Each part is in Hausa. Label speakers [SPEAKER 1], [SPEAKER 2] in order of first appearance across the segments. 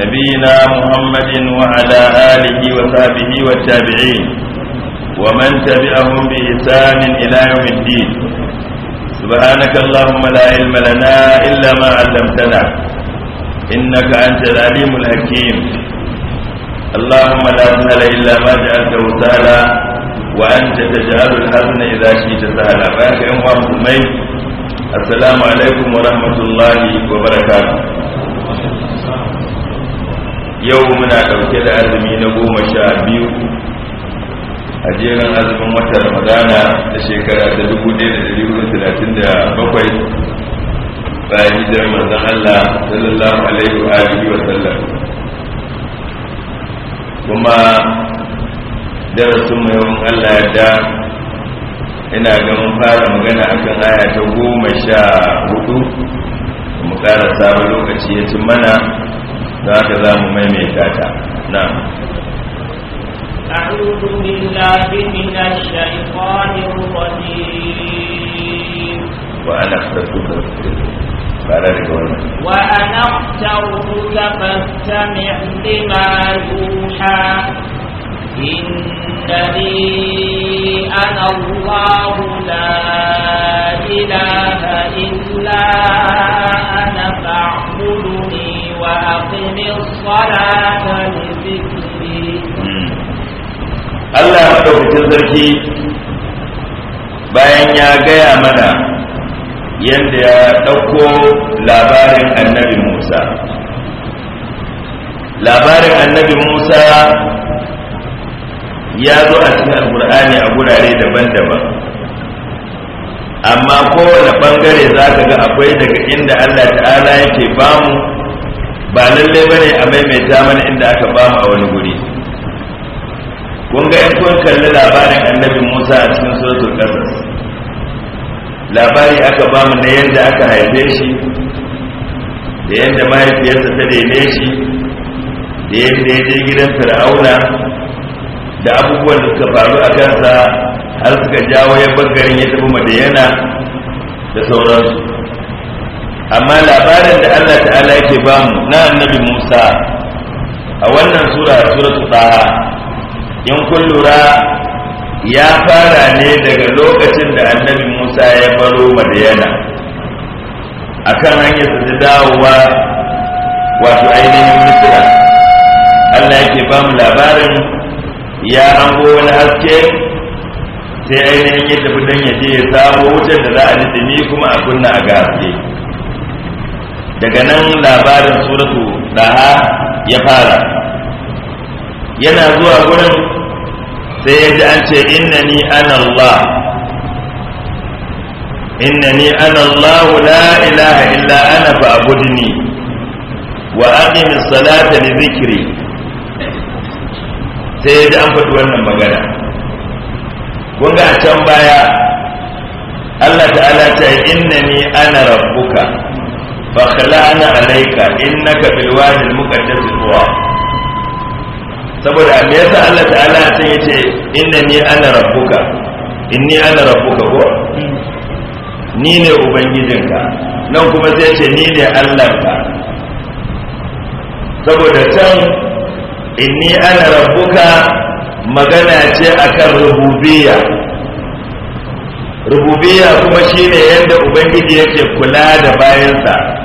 [SPEAKER 1] نبينا محمد وعلى آله وصحبه والتابعين ومن تبعهم بإحسان إلى يوم الدين سبحانك اللهم لا علم لنا إلا ما علمتنا إنك أنت العليم الحكيم اللهم لا سهل إلا ما جعلته سهلا وأنت تجعل الحزن إذا شئت سهلا فأنت أمام الميت السلام عليكم ورحمة الله وبركاته yau muna ɗauke da azumi na goma sha biyu a jerin azumin wata ramadana da shekara ta dubu ɗaya da dari hudu talatin da bakwai bayan hijirar manzon Allah sallallahu alaihi wa alihi wa sallam kuma darasin mai yawan Allah da ina ga mun fara magana akan aya ta goma sha hudu mu ƙara sabon lokaci ya ci mana za ka za mu maimaita ta na
[SPEAKER 2] أعوذ بالله من الشيطان الرجيم
[SPEAKER 1] وأنا اخترتك
[SPEAKER 2] وأنا اخترتك فاستمع لما يوحى إنني أنا الله لا إله إلا أنا فاعبد وأقم الصلاة لذكري
[SPEAKER 1] Allah maɗaukacin sarki bayan ya gaya mana yadda ya ɗauko labarin annabi Musa. Labarin annabi Musa ya zo a cikin alkur'ani a gurare daban-daban amma kowane ɓangare za ka ga akwai daga inda allah ta'ala yake bamu ba lalle bane a maimaita mana inda aka ba mu a wani guri kun ga in kun kalli labarin annabi Musa a cikin suratul qasas labari aka ba mu na yadda aka haife shi da yadda mahaifiyarsa ta daine shi da yadda ya je gidan fir'auna da abubuwan da suka faru a kansa har suka jawo ya garin ya tafi madayana da sauransu amma labarin da Allah ta'ala yake ba mu na annabi Musa a wannan sura suratul taha in kun ya fara ne daga lokacin da annabi Musa ya baro Madiyana akan hanyar da dawowa wato ainihin Misra Allah yake ba mu labarin ya ango wani haske sai ainihin ya tafi don ya je ya samo wutar da za a nitsimi kuma a kunna a gaske. daga nan labarin suratu daha ya fara yana zuwa gurin sai ya ji an ce innani ana Allah innani ana Allah la ilaha illa ana fa'budni wa aqimis salata li dhikri sai ya ji an faɗi wannan magana kun ga can baya Allah ta'ala ce innani ana rabbuka fakhla'na alayka innaka bil wadi al muqaddas tuwa saboda me yasa Allah ta'ala a can yace innani ana rabbuka inni ana rabbuka ko ni ne ubangijinka nan kuma sai ce ni ne Allahnka saboda can inni ana rabbuka magana ce akan rububiyya rububiyya kuma shine yadda ubangiji yake kula da bayansa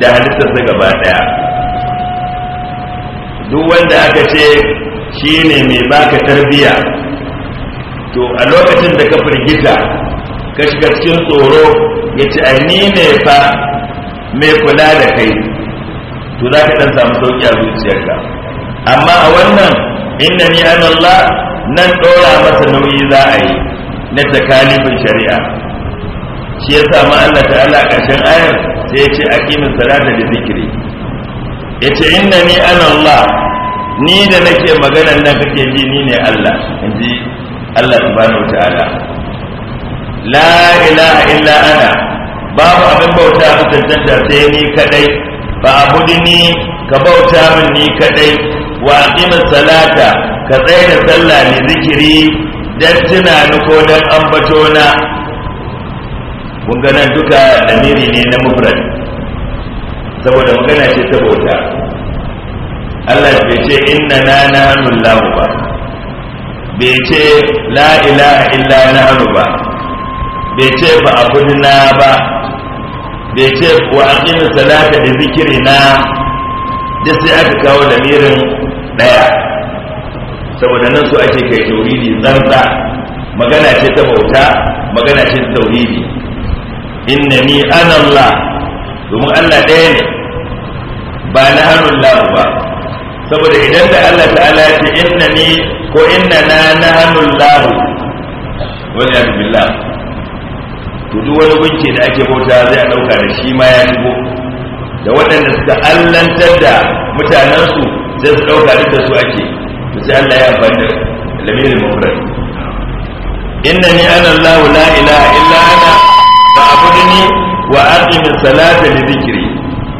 [SPEAKER 1] da halittarsa gaba ɗaya duk wanda aka ce shi ne mai baka tarbiya to a lokacin da ka firgita ka shiga cikin tsoro ya a ni ne fa mai kula da kai to za ka ɗan samu sauƙi a zuciyarka amma a wannan inna ni an Allah nan ɗora masa nauyi za a yi na takalifin shari'a shi ya sami Allah ta'ala ƙarshen ayar sai yace aqimin salata da zikri yace ni ana Allah ni da nake maganar nan kake ji ni ne Allah inji Allah subhanahu wataala la ilaha illa ana babu abin bauta a tantanta sai ni kadai ba ni, ka bauta min ni kadai wa aqimis salata ka tsaya da sallah ne zikiri dan tunani ko dan ambato na kun ga nan duka damiri ne na mufrad saboda magana ce ta bauta, Allah bai ce inna na hannun lahu ba bai ce la ilaha illa na hannu ba bai ce ba na ba bai ce wa aqimu salata da na duk sai aka kawo lamirin daya saboda nan su ake kai tauhidi tsantsa magana ce ta bauta magana ce ta tauhidi innani ana Allah domin Allah ɗaya ne ba na hannun lahu ba saboda idan da Allah ta'ala ya ce innani ko innana na hannun lahu wani ya dubi to duk wani gunki da ake bauta zai a ɗauka da shi ma ya dubo da waɗanda suka allantar da mutanensu zai su ɗauka duk da su ake to sai Allah ya amfani da lamirin mafrai innani ana Allah la ilaha illa mini wa aqim salata li dhikri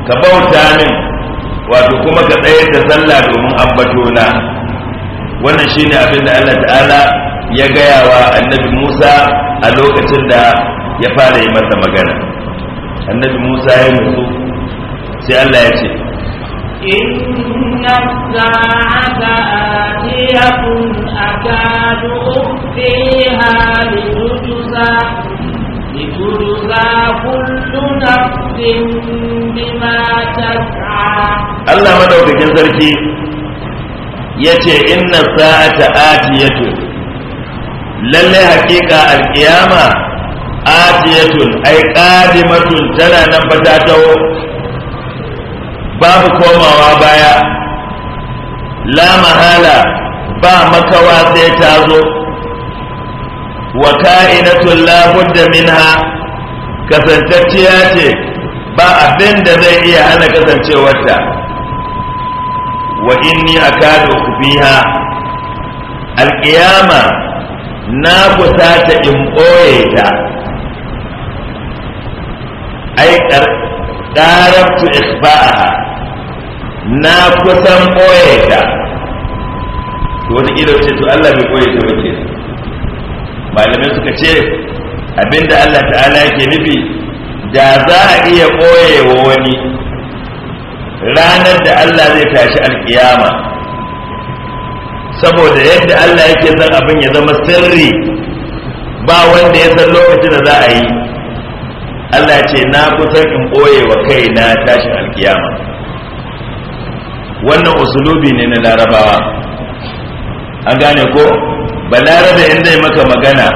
[SPEAKER 1] ka bauta min wato kuma ka tsayar da sallah domin ambato na wannan shine abin da Allah ta'ala ya gaya wa annabi Musa a lokacin da ya fara yi masa magana annabi Musa ya nutsu sai Allah ya ce
[SPEAKER 2] إن الساعة آتية أكاد أخفيها لتجزى لتجزى كل نفس بما تسعى الله
[SPEAKER 1] مدوكين سركي yace inna sa'ata atiyatu lalle hakika alqiyama Ai ƙadi qadimatun tana nan ba ta babu komawa baya la mahala ba makawa sai ta zo wa ka'inatun labudda minha kasantacciya ce ba abin zai iya hana kasancewarta wa inni akadu biha alƙiyama na kusata in ɓoye ta ai ƙarabtu isba'aha na kusan ɓoye ta ce to Allah ɓoye ta ba malamai suka ce abinda Allah ta'ala yake nufi da za a iya wa wani ranar da Allah zai tashi alkiyama saboda yadda Allah yake son abin ya zama sirri ba wanda ya san lokacin da za a yi Allah ce na kusan in ɓoye wa kai na tashi alkiyama wannan usulubi ne na larabawa an gane ko balarabe inda ya maka magana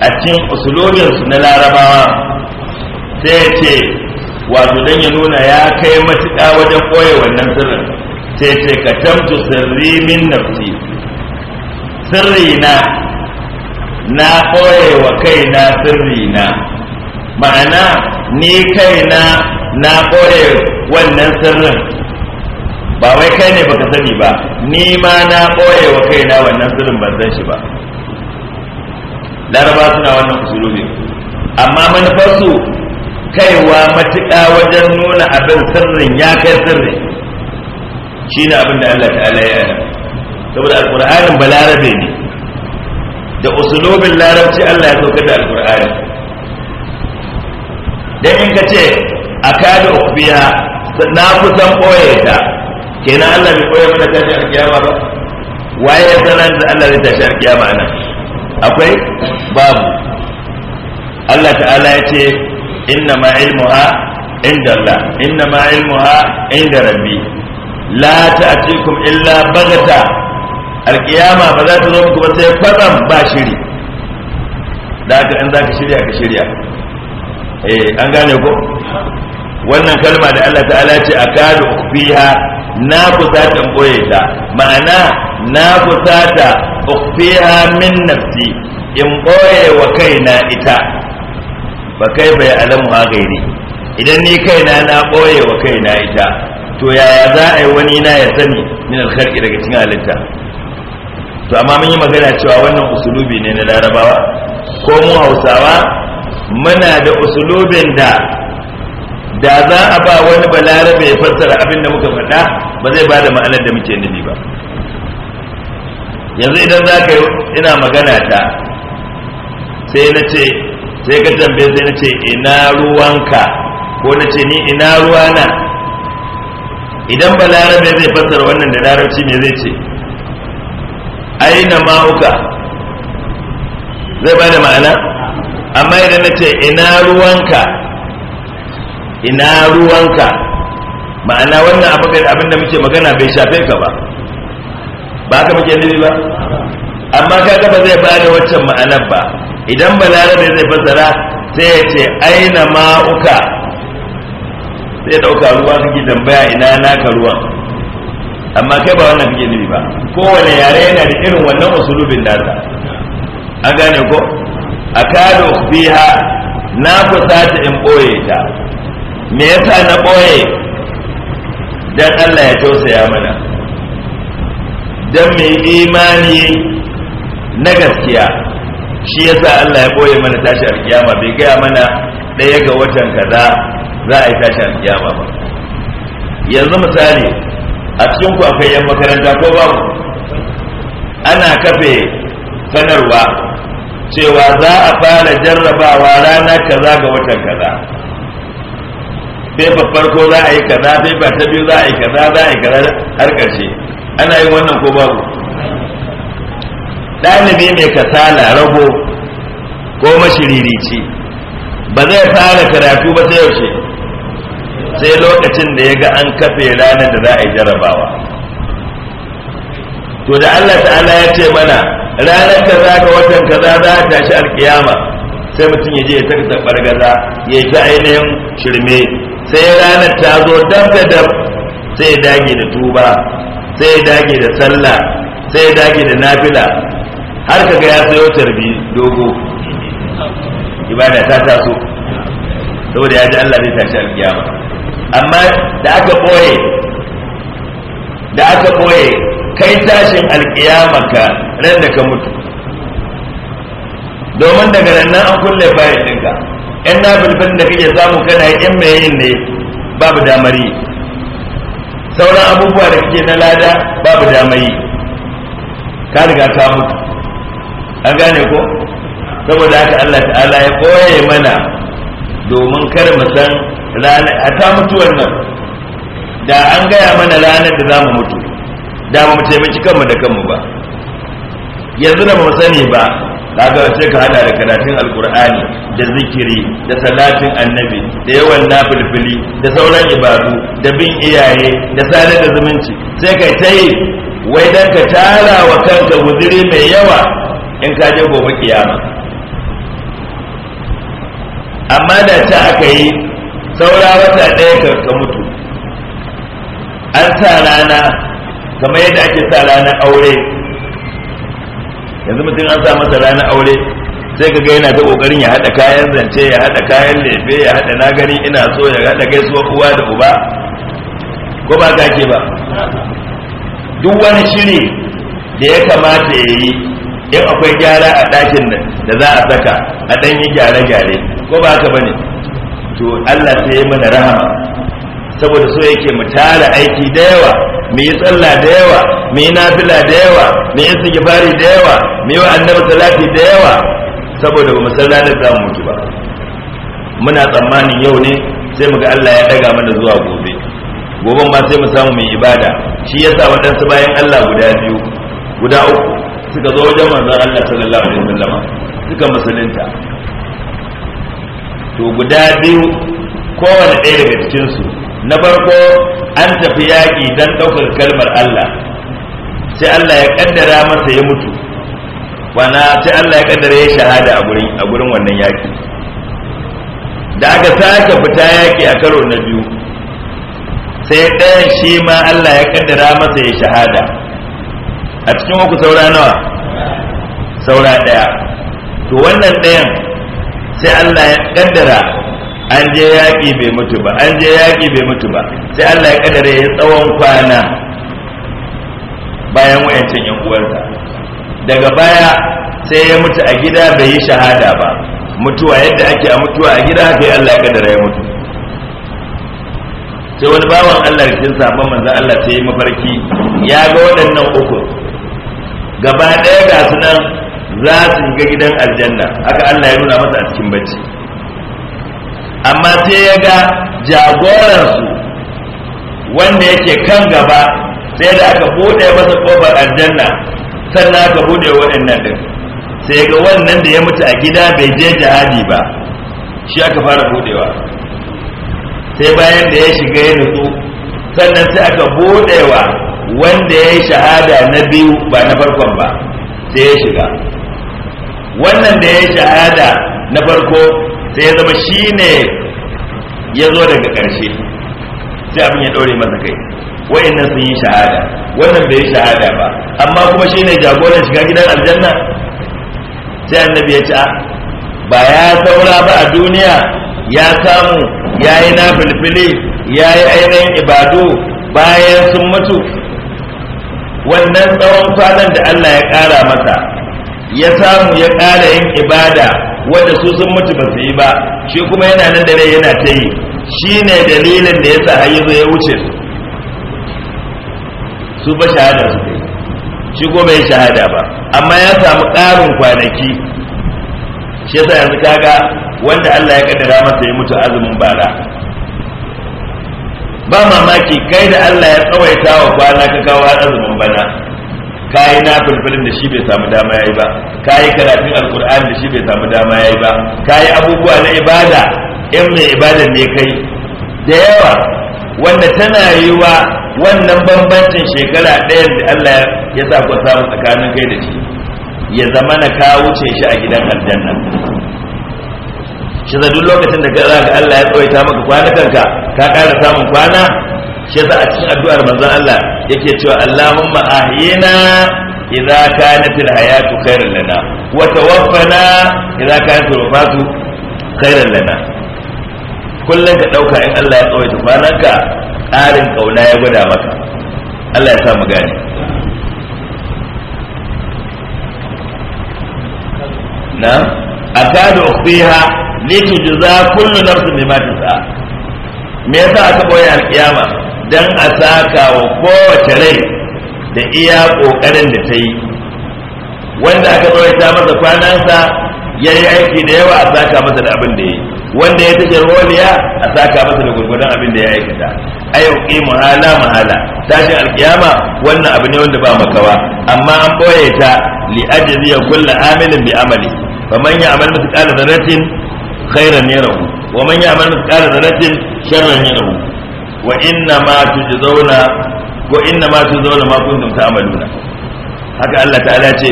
[SPEAKER 1] a cikin usulojinsu na larabawa sai ya ce wato don ya nuna ya kai matuƙa wajen ɓoye wannan sirrin sai ce ka tamtu sirri min nafsi sirri na na ɓoye wa kaina sirri na ma'ana ni kaina na ɓoye wannan sirrin ba wai kai ne baka sani ba ni ma na boye wa kaina wannan sirrin ban san shi ba laraba suna wannan usulubin amma manufarsu kaiwa matuƙa wajen nuna abin sirrin ya kai sirri shine abin da Allah ta'ala ya yi saboda alƙur'anin balarabe ne da usulubin larabci Allah ya sauka da alkur'ani dan in kace ce a kada ukbiya na kusan ɓoye ta kenan Allah bai koya mana tashi kiyama ba waye ya sanar da Allah zai tashi kiyama nan akwai babu Allah ta'ala ya ce inna ma ilmuha inda Allah inna ma ilmuha inda rabbi la ta'tikum illa bagata alkiyama ba za ta zo muku ba sai kwatsam ba shiri da haka in za ka shirya ka shirya eh an gane ko wannan kalma da Allah ta'ala ce a kada ukfiha na ta tamboye ta ma'ana na ta ukfiha min nafsi in boye wa kaina ita ba kai bai alamu ha gairi idan ni kaina na boye wa kaina ita to yaya za a yi wani na ya sani min alkhalqi daga cikin halitta to amma mun yi magana cewa wannan usulubi ne na larabawa ko mu hausawa muna da usulubin da da za a ba wani balarabe ya fassara abin da muka faɗa ba zai ba da ma'anar da muke nufi ba yanzu idan za ka ina magana ta sai na ce sai ka tambaye sai na ce ina ruwanka ko na ce ni ina ruwana idan balarabe zai fassara wannan da larabci me zai ce aina ma'uka zai ba da ma'ana amma idan na ce ina ruwanka ina ruwanka ma'ana wannan abin abinda muke magana bai shafe ka ba ba ka muke nufi ba amma ka ba zai bada waccan ma'anar ba idan balarabe zai fassara sai ya ce aina ma'uka sai dauka ruwa kake tambaya ina naka ruwan amma kai ba wannan kake nufi ba kowane yare yana da irin wannan usulubin nasa an gane ko a kado biha na kusa ta in boye ta me yasa na ɓoye don Allah ya tausaya mana don mai imani na gaskiya shi yasa Allah ya ɓoye mana tashi alkiyama bai gaya mana ɗaya ga watan kaza za a yi tashi alkiyama ba yanzu misali a cikin ku akwai yan makaranta ko babu ana kafe sanarwa cewa za a fara jarrabawa rana kaza ga watan kaza fefa farko za a yi kaza fefa ta biyu za a yi kaza za a yi kaza har karshe ana yin wannan ko babu ɗalibi mai kasala rago ko mashiririci ba zai fara karatu ba sai yaushe sai lokacin da ya ga an kafe ranar da za a yi jarabawa to da Allah ta'ala ya ce mana ranar kaza ga watan kaza za a tashi alkiyama sai mutum ya je ya saka bargaza ya yi ta ainihin shirme sai ranar ta zo dab da dab sai ya dage da tuba sai ya dage da sallah sai ya dage da nafila har kaga ya sayo tarbi dogo ibada ta taso saboda ya ji Allah zai tashi alkiyama amma da aka boye da aka boye kai tashin alkiyama ka ran da ka mutu domin daga nan an kulle bayan ɗinka yan nafilfin da kake samu kana yi yan mai yin ne babu damar yi sauran abubuwa da kake na lada babu damar yi ka riga ka mutu an gane ko saboda haka Allah ta'ala ya koye mana domin kar mu san ranar a ta mutu wannan, da an gaya mana ranar da za mu mutu da mu ce ci kanmu da kanmu ba yanzu da ba mu sani ba kaga sai ka hada da karatun alkur'ani da zikiri da salatin annabi da yawan nafilfili da sauran ibadu da bin iyaye da sadar da zumunci sai kai tayi wai dan ka tara wa kanka guduri mai yawa in ka je gobe kiyama amma da ta aka yi saura wata ɗaya ka mutu an sa rana kamar yadda ake sa ranar aure yanzu mutum an sa masa ranar aure sai ka ga yana ta kokarin ya hada kayan zance ya hada kayan lefe ya hada na ina so ya hada gaisuwa uwa da uba ko ba ka ke ba duk wani shiri da ya kamata ya yi in akwai gyara a ɗakin nan da za a saka a ɗan gyare-gyare ko ba ka bane to Allah sai mana rahama saboda so yake mu tara aiki da yawa mu yi tsalla da yawa mu yi nafila da yawa mu yi istighfari da yawa mu yi annabi salati da yawa saboda ba mu san ranar za mu mutu ba muna tsammanin yau ne sai mu ga Allah ya daga mana zuwa gobe goben ba sai mu samu mai ibada shi yasa wadansu bayan Allah guda biyu guda uku suka zo wajen manzon Allah sallallahu alaihi wasallam suka musulunta to guda biyu kowane ɗaya daga cikinsu na farko an tafi yaƙi don ɗaukar kalmar Allah sai Allah ya ƙaddara masa ya mutu wana sai Allah ya ƙaddara ya shahada a gurin wannan yaƙi da aka sake fita yaƙi a karo na biyu sai ɗayan shi ma Allah ya ƙaddara masa ya shahada a cikin uku saura nawa saura ɗaya to wannan ɗayan sai Allah ya ƙaddara. an je yaƙi bai mutu ba an je yaƙi bai mutu ba sai Allah ya kadare ya tsawon kwana bayan wayancin yan uwarsa daga baya sai ya mutu a gida bai yi shahada ba mutuwa yadda ake a mutuwa a gida haka Allah ya kadare ya mutu sai wani bawan Allah da kin sabon manzon Allah sai ya mafarki ya ga waɗannan uku gaba ɗaya ga su nan za su ga gidan aljanna haka Allah ya nuna masa a cikin bacci amma sai ya ga jagoransu wanda yake kan gaba sai da aka buɗe masa ƙofar aljanna sannan aka buɗe waɗannan din sai ga wannan da ya mutu a gida bai je jihadi ba shi aka fara buɗewa sai bayan da ya shiga ya nutsu sannan sai aka buɗewa wanda ya yi shahada na biyu ba na farkon ba sai ya shiga wannan da ya yi shahada na farko sai ya zama shi ne ya zo daga ƙarshe sai abin ya ɗore masa kai wayannan sun yi shahada wannan bai yi shahada ba amma kuma shi ne jagoran shiga gidan aljanna sai annabi ya ci a ah, ba ya saura ba a duniya ya samu ya yi na filfili ya yi ainihin ibadu bayan sun mutu wannan tsawon kwanan da allah ya ƙara masa ya samu ya ƙara yin ibada wanda su sun mutu ba su yi ba shi kuma yana nan da rai yana ta yi shi ne dalilin da ya sa hanyar ya wuce su ba shahada su kai shi ko bai shahada ba amma ya samu ƙarin kwanaki shi yasa yanzu kaga wanda Allah ya kaddara masa ya mutu azumin bara ba mamaki kai da Allah ya tsawaita wa kwana ka kawo azumin bana kayi na fulfilin da shi bai samu dama yayi ba kayi karatun alkur'ani da shi bai samu dama yayi ba kayi abubuwa na ibada in mai ibada ne kai da yawa wanda tana yiwa wannan bambancin shekara ɗaya da Allah ya sa ku samu tsakanin kai da shi ya zama na ka wuce shi a gidan aljanna shi duk lokacin da ka ga Allah ya tsawaita maka kwanakanka ka ƙara samun kwana shi yasa a cikin addu'ar manzon Allah yake cewa Allahumma ahyina idza kanat alhayatu khairan lana wa tawaffana idza kanat alwafatu khairan lana kullum ka dauka in Allah ya tsawaita kwananka ƙarin kauna ya gwada maka Allah ya sa mu gane na akadu ukhfiha litujza kullu nafsin bima tas'a me yasa aka boye alkiyama don a saka wa kowace rai da iya ƙoƙarin da ta yi wanda aka tsawaita masa kwanansa ya yi aiki da yawa a saka masa da abin da ya yi wanda ya take roliya a saka masa da gurgudan abin da ya aikata yau ƙi muhala muhala tashin alkiyama wannan abu ne wanda ba makawa amma an ɓoye ta li'ajazi ya kulla amilin bi amali faman ya amal mutu ƙala zaratin khairan yarahu wa man ya amal mutu ƙala zaratin sharran rahu wa inna ma tujzauna wa inna ma tujzauna ma kuntum ta'maluna haka Allah ta'ala ce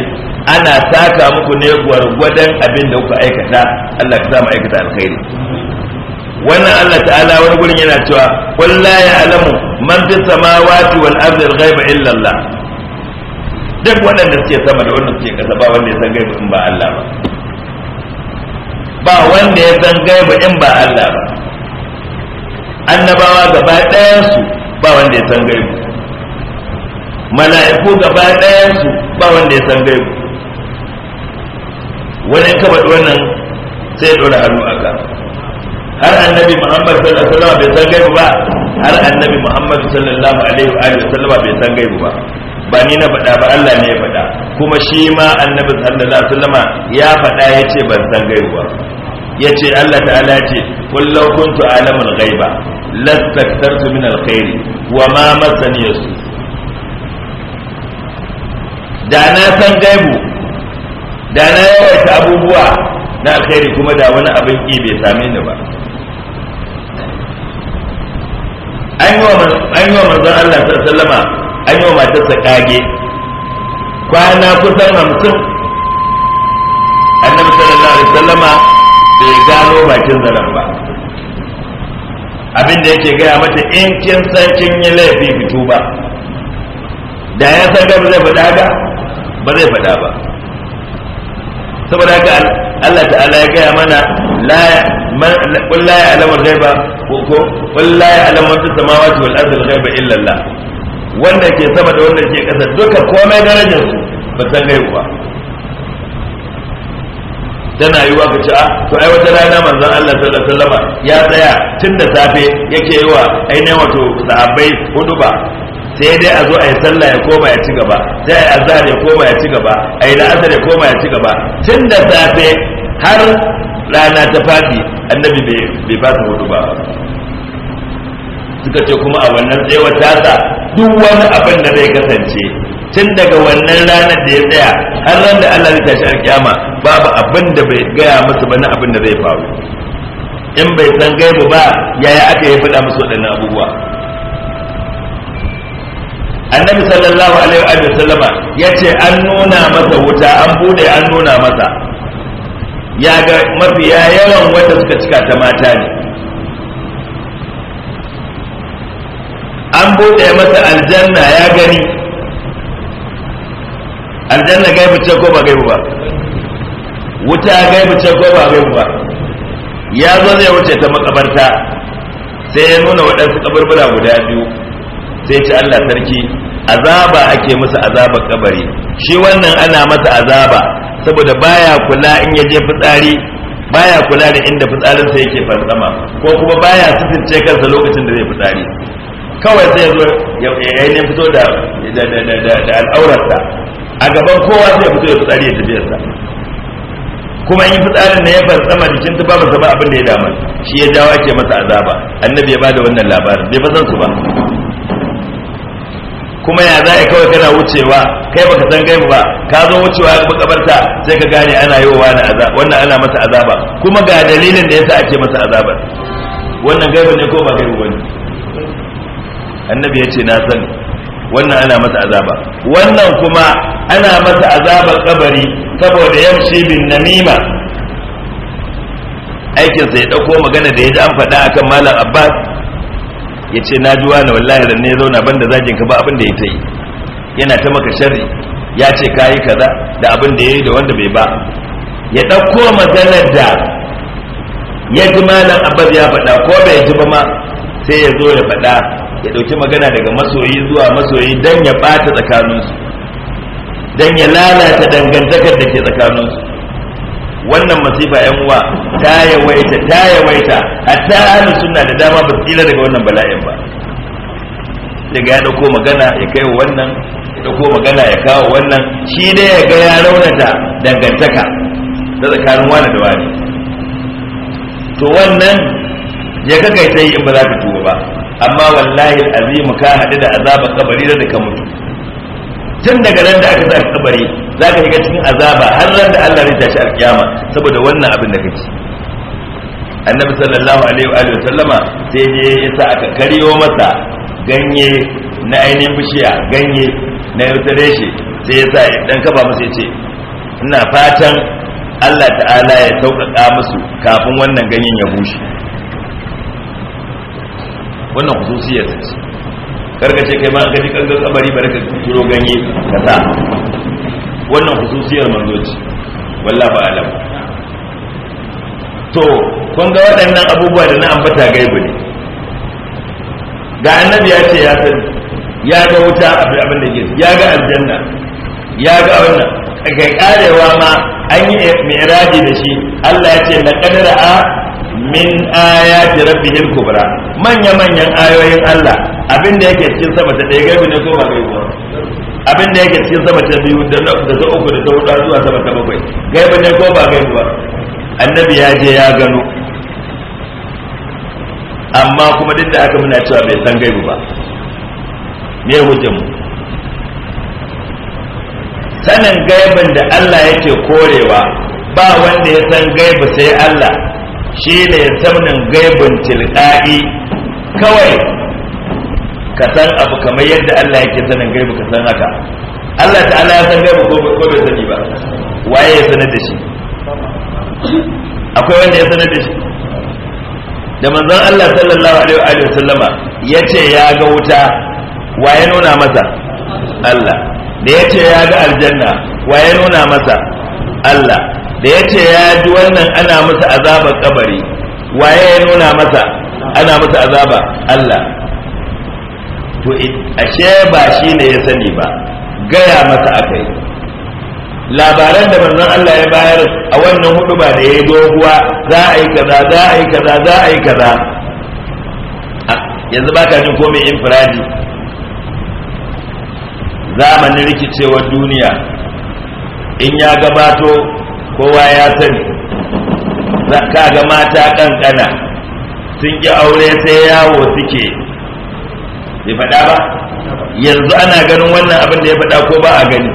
[SPEAKER 1] ana saka muku ne gwargwadon abin da kuka aikata Allah ka samu aikata alkhairi wannan Allah ta'ala wani gurin yana cewa qul la ya'lamu man fis samawati wal ardi al ghaiba illa Allah duk waɗanda suke sama da wanda suke kasa ba wanda ya san gaiba in ba Allah ba ba wanda ya san gaiba in ba Allah ba annabawa gaba ɗayansu ba wanda ya san gaibu mala'iku gaba ɗayansu ba wanda ya san gaibu wani kaba wannan sai ya ɗora hannu a ka har annabi muhammad sallallahu alaihi wasallam bai san gaibu ba har annabi muhammad sallallahu alaihi wa sallama bai san gaibu ba ba ni na faɗa ba Allah ne ya faɗa kuma shi ma annabi sallallahu alaihi wasallam ya faɗa ya ce ban san gaibu ba ya ce Allah ta'ala ce kullau kuntu gaiba, ghaiba su min alkhairi wa ma masani yasu da na san gaibu da na yawaita abubuwa na alkhairi kuma da wani abin ki bai same ni ba an yi wa manzon Allah ta sallama an yi wa matarsa kage kwana kusan hamsin annabi sallallahu alaihi wasallama bai gano bakin zaren ba abin da yake gaya mata in kin san kin yi laifi fito ba da ya san gaba zai faɗa ga, ba zai faɗa ba saboda haka Allah ta'ala ya gaya mana la qul alama ya'lamu al-ghaiba ko qul la alama as-samawati wal ardi al-ghaiba illa Allah wanda ke sama da wanda ke ƙasa duka komai darajar su ba san gaibu ba tana yiwa ka ci a ah, to ai wata rana manzon Allah sallallahu alaihi wasallam ya tsaya tun da safe yake yi wa ainihin wato sahabbai hudu ba sai dai a zo a yi sallah ya koma ya ci gaba sai a yi azhar ya koma ya ci gaba a yi la'asar ya koma ya ci gaba tun da safe har rana ta fadi annabi bai fasa hudu ba suka ce kuma a wannan tsaye tasa duk wani abin da zai kasance tun daga wannan ranar da ya tsaya har ran da Allah zai tashi alkiyama babu abin da bai gaya musu ba na abin da zai faru in bai san gaibu ba yaya aka yi faɗa musu waɗannan abubuwa annabi sallallahu alaihi wa sallama ya an nuna masa wuta an bude an nuna masa ya ga mafiya yawan wanda suka cika ta mata ne an bude masa aljanna ya gani aljanna gaibu ce ko ba gaibu ba wuta gaibu ce ko ba gaibu ba ya zo zai wuce ta makabarta sai ya nuna waɗansu kaburbura guda biyu sai ce Allah sarki azaba ake masa azaba kabari shi wannan ana masa azaba saboda baya kula in ya je fitsari baya kula da inda fitsarinsa yake fantsama ko kuma baya sutunce kansa lokacin da zai fitsari kawai sai ya zo ya yi fito da al'aurarsa a gaban kowa sai fito ya fitsari ya tafi yasa kuma in yi fitsarin na ya fansama jikin ta babu sama abin da ya damar shi ya jawo ake masa azaba annabi ya bada wannan labarin bai fasan su ba kuma ya za a kawai kana wucewa kai baka san kai ba ka zo wucewa ga makabarta sai ka gane ana yi wa wannan ana masa azaba kuma ga dalilin da yasa ake masa azaba wannan gaiba ne ko ba gaiba ne annabi ya ce na sani wannan ana masa azaba wannan kuma ana masa azaba kabari saboda yamshi bin namima aikin sai dauko magana da ya ji an faɗa akan malam abbas ya ce na ji wani wallahi da ne zauna banda zagin ka ba abin da ya ta yi yana ta maka sharri ya ce ka yi kaza da abin da ya yi da wanda bai ba ya ɗauko maganar da ya ji malam abbas ya faɗa ko bai ji ba ma sai ya zo ya faɗa ya ɗauki magana daga masoyi zuwa masoyi dan ya ɓata tsakaninsu don ya lalata dangantakar da ke tsakaninsu wannan masifa yan uwa ta yawaita ta yawaita hatta ahlus sunna da dama ba tsira daga wannan bala'in ba daga ya dauko magana ya kai wa wannan ya dauko magana ya kawo wannan shi ne ya ga ya raunata dangantaka da tsakanin wani da wani to wannan ya kakaita yi in ba za ka tuba ba amma wallahi azimu ka haɗu da azabar kabari da ka mutu tun daga nan da aka sa kabari za ka shiga cikin azaba har ran da Allah zai tashi alkiyama saboda wannan abin da kake annabi sallallahu alaihi wa sallama sai je ya sa aka karyo masa ganye na ainihin bishiya ganye na yautare shi sai ya sa dan kafa masa ya ce ina fatan Allah ta'ala ya sauƙaƙa musu kafin wannan ganyen ya bushe wannan hususiyar ce ce kai ma ka ji kankan kabari bare ka turo ganye ka ta wannan hususiyar manzo ce wallahi ba alam to kun ga waɗannan abubuwa da na ambata gaibu ne ga annabi ya ce ya san ya ga wuta abin da ke ya ga aljanna ya ga wannan ga karewa ma an yi mai da shi Allah ya ce na kadara a min ayati rabbihil kubra manya manyan ayoyin Allah abin da yake cikin sama ta ɗaya gaibi ne ko ba gaibi ba abin da yake cikin sama ta biyu da ta uku da ta hudu zuwa sama ta bakwai gaibi ne ko ba gaibi ba annabi ya je ya gano amma kuma duk da aka muna cewa bai san gaibi ba me hujjar mu sanin gaibin da Allah yake korewa ba wanda ya san gaibi sai Allah shi ne zamanin gaibin tilɗaɗi kawai ka san abu kamar yadda Allah yake sanin gaibu ka san haka Allah ta'ala ya san gaibu ko bai sani ba waye ya sanar da shi akwai wanda ya sanar da shi da manzon Allah sallallahu alaihi wa sallama ya ce ya ga wuta waye nuna masa Allah da ya ce ya ga aljanna waye nuna masa Allah da ya ce ya ji wannan ana masa azabar kabari waye ya nuna masa ana masa azaba Allah to ashe ba shi ne ya sani ba gaya masa aka yi labaran da manzon Allah ya bayar a wannan hudu ba da ya doguwa za a yi kaza za a yi kaza za a yi kaza yanzu ba jin ko mai infiradi zamanin rikicewar duniya in ya gabato kowa ya sani kaga mata kankana sun ƙi aure sai yawo suke bai faɗa ba yanzu ana ganin wannan abin da ya faɗa ko ba a gani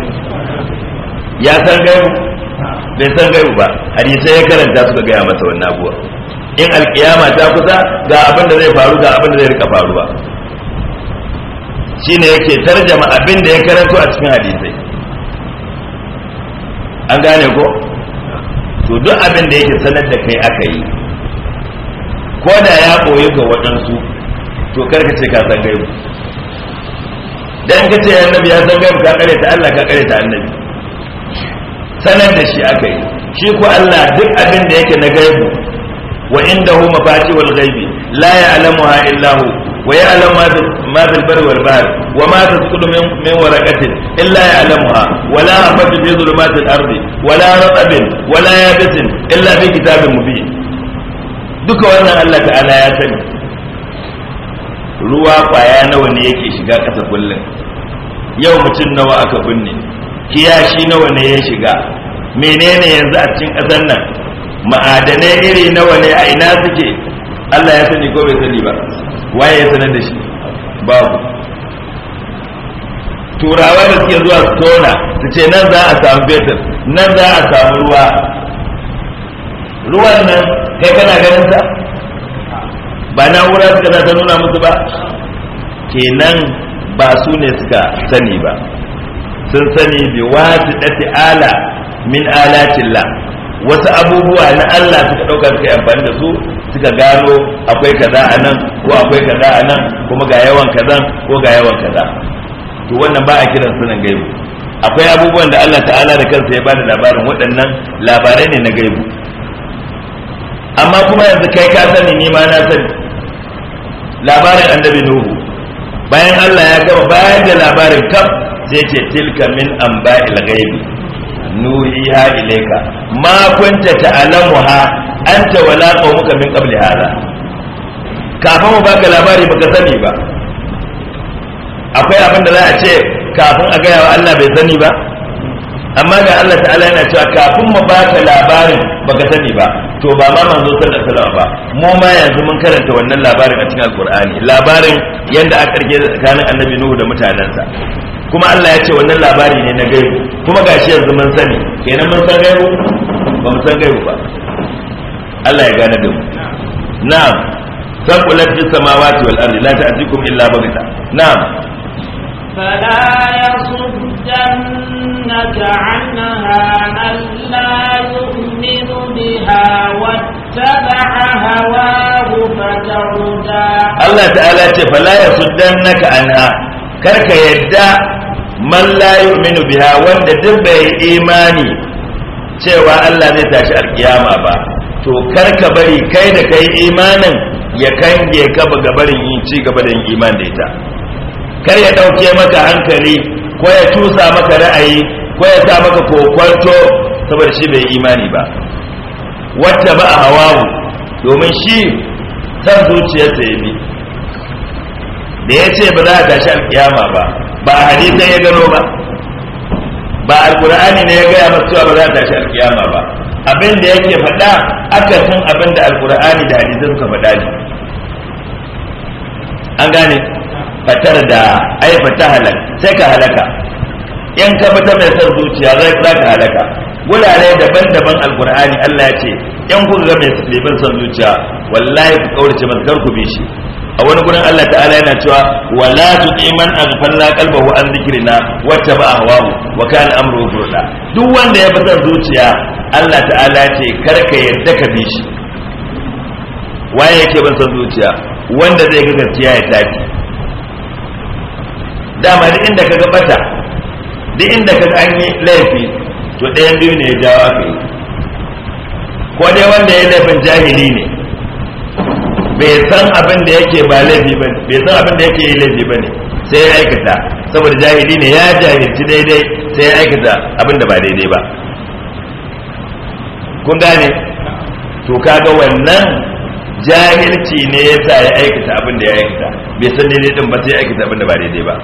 [SPEAKER 1] ya san gaibu bai san gaibu ba hadisai ya karanta suka gaya masa wannan abuwa in alkiyama ta kusa ga abin da zai faru ga abin da zai rika faruwa shine yake tarjama abin da ya karanto a cikin hadisai an gane ko to duk abin da yake sanar da kai aka yi ko da ya koyi ga waɗansu to karka ce ka san gaibu dan ka ce annabi ya san gaibu ka kare ta Allah ka kare ta annabi sanar da shi aka yi shi ko Allah duk abin da yake na gaibu wa indahu mafatihul ghaibi la ya'lamuha illa hu ويعلم ما في البر والبحر وما تسقط من من ورقة إلا يعلمها ولا حبة في ظلمات الأرض ولا رطب ولا يابس إلا في كتاب مبين duka wannan Allah ta'ala ya sani ruwa kwaya nawa ne yake shiga ƙasa kullum yau mutum nawa aka binne kiyashi nawa ne ya shiga menene yanzu a cikin ƙasar nan ma'adanai iri nawa ne a ina suke Allah ya sani ko bai sani ba waye ya sanar da shi babu turawa da suke zuwa su tona su ce nan za a samu fetur nan za a samu ruwa ruwan nan kai kana ganin sa ba wura suka za ta nuna musu ba kenan ba su ne suka sani ba sun sani bi wasu ala min Ala la wasu abubuwa na Allah suka ɗauka suka yi amfani da su suka gano akwai kaza a nan ko akwai kaza a nan kuma ga yawan kaza, ko ga yawan kaza to wannan ba a kiran sunan gaibu akwai abubuwan da Allah ta'ala da kansa ya ba da labarin waɗannan labarai ne na gaibu amma kuma yanzu kai ka sani ni ma na sani labarin annabi nuhu bayan Allah ya gama bayan da labarin kaf sai ce tilka min amba'il ghaibi nuhiha ilayka ma kunta ta'lamuha anta wala qaumuka min qabli hada kafin mu baka labari baka sani ba akwai abin da za a ce kafin a gaya wa Allah bai sani ba amma da Allah ta'ala yana cewa kafin mu baka labarin baka sani ba to ba ma manzo sallallahu alaihi wasallam ba mu ma yanzu mun karanta wannan labarin a cikin alqur'ani labarin yanda aka karge tsakanin annabi nuhu da mutanansa kuma Allah ya ce wannan labari ne na gairu kuma gashi yanzu mun sani kenan mun san gairu ba mu san gairu ba Allah ya gane da mu na'am saqulat fis samawati wal ardi la ta'tikum illa baghta na'am
[SPEAKER 2] فلا يصدنك عنها من لا يؤمن بها واتبع هواه فتردى
[SPEAKER 1] الله تعالى فلا يصدنك عنها كرك يدى من لا يؤمن بها وند دبي إيماني cewa Allah zai tashi alkiyama ba to karka bari kai da kai imanin ya kange ka ga barin yin ci gaba da yin iman da ita kar ya ɗauke maka hankali ko ya tusa maka ra'ayi ko ya sa maka kokwanto saboda shi bai imani ba wata ba a hawawu domin shi san zuciyarsa ya bi da ya ce ba za a tashi alkiyama ba ba a hadisan ya gano ba ba alkur'ani ne ya gaya masu cewa ba za a tashi alkiyama ba abin da yake faɗa aka san abin da alkur'ani da hadisan suka faɗa ne an gane fatar da ai fata halak sai ka halaka in ka fita ta mai son zuciya zai za ka halaka gurare daban-daban alkur'ani Allah ya ce in kuka ga mai liban son zuciya wallahi ku kaurace masa ku bi shi a wani gurin Allah ta'ala yana cewa wala tuti man aghfalna qalbahu an wa taba ahwahu wa kana amruhu furda duk wanda ya fita zuciya Allah ta'ala ce kar ka yadda ka bi shi waye yake ban san zuciya wanda zai ga gaskiya ya tafi dama duk inda kaga bata duk inda kaga an yi laifi to ɗayan biyu ne ya jawo aka yi ko dai wanda ya laifin jahili ne bai san abin da yake ba laifi ba bai san abin da yake yi laifi ba ne sai ya aikata saboda jahili ne ya jahilci daidai sai ya aikata abin da ba daidai ba kun gane to kaga wannan jahilci ne ya sa ya aikata abin da ya aikata bai san daidai din ba sai ya aikata abin da ba daidai ba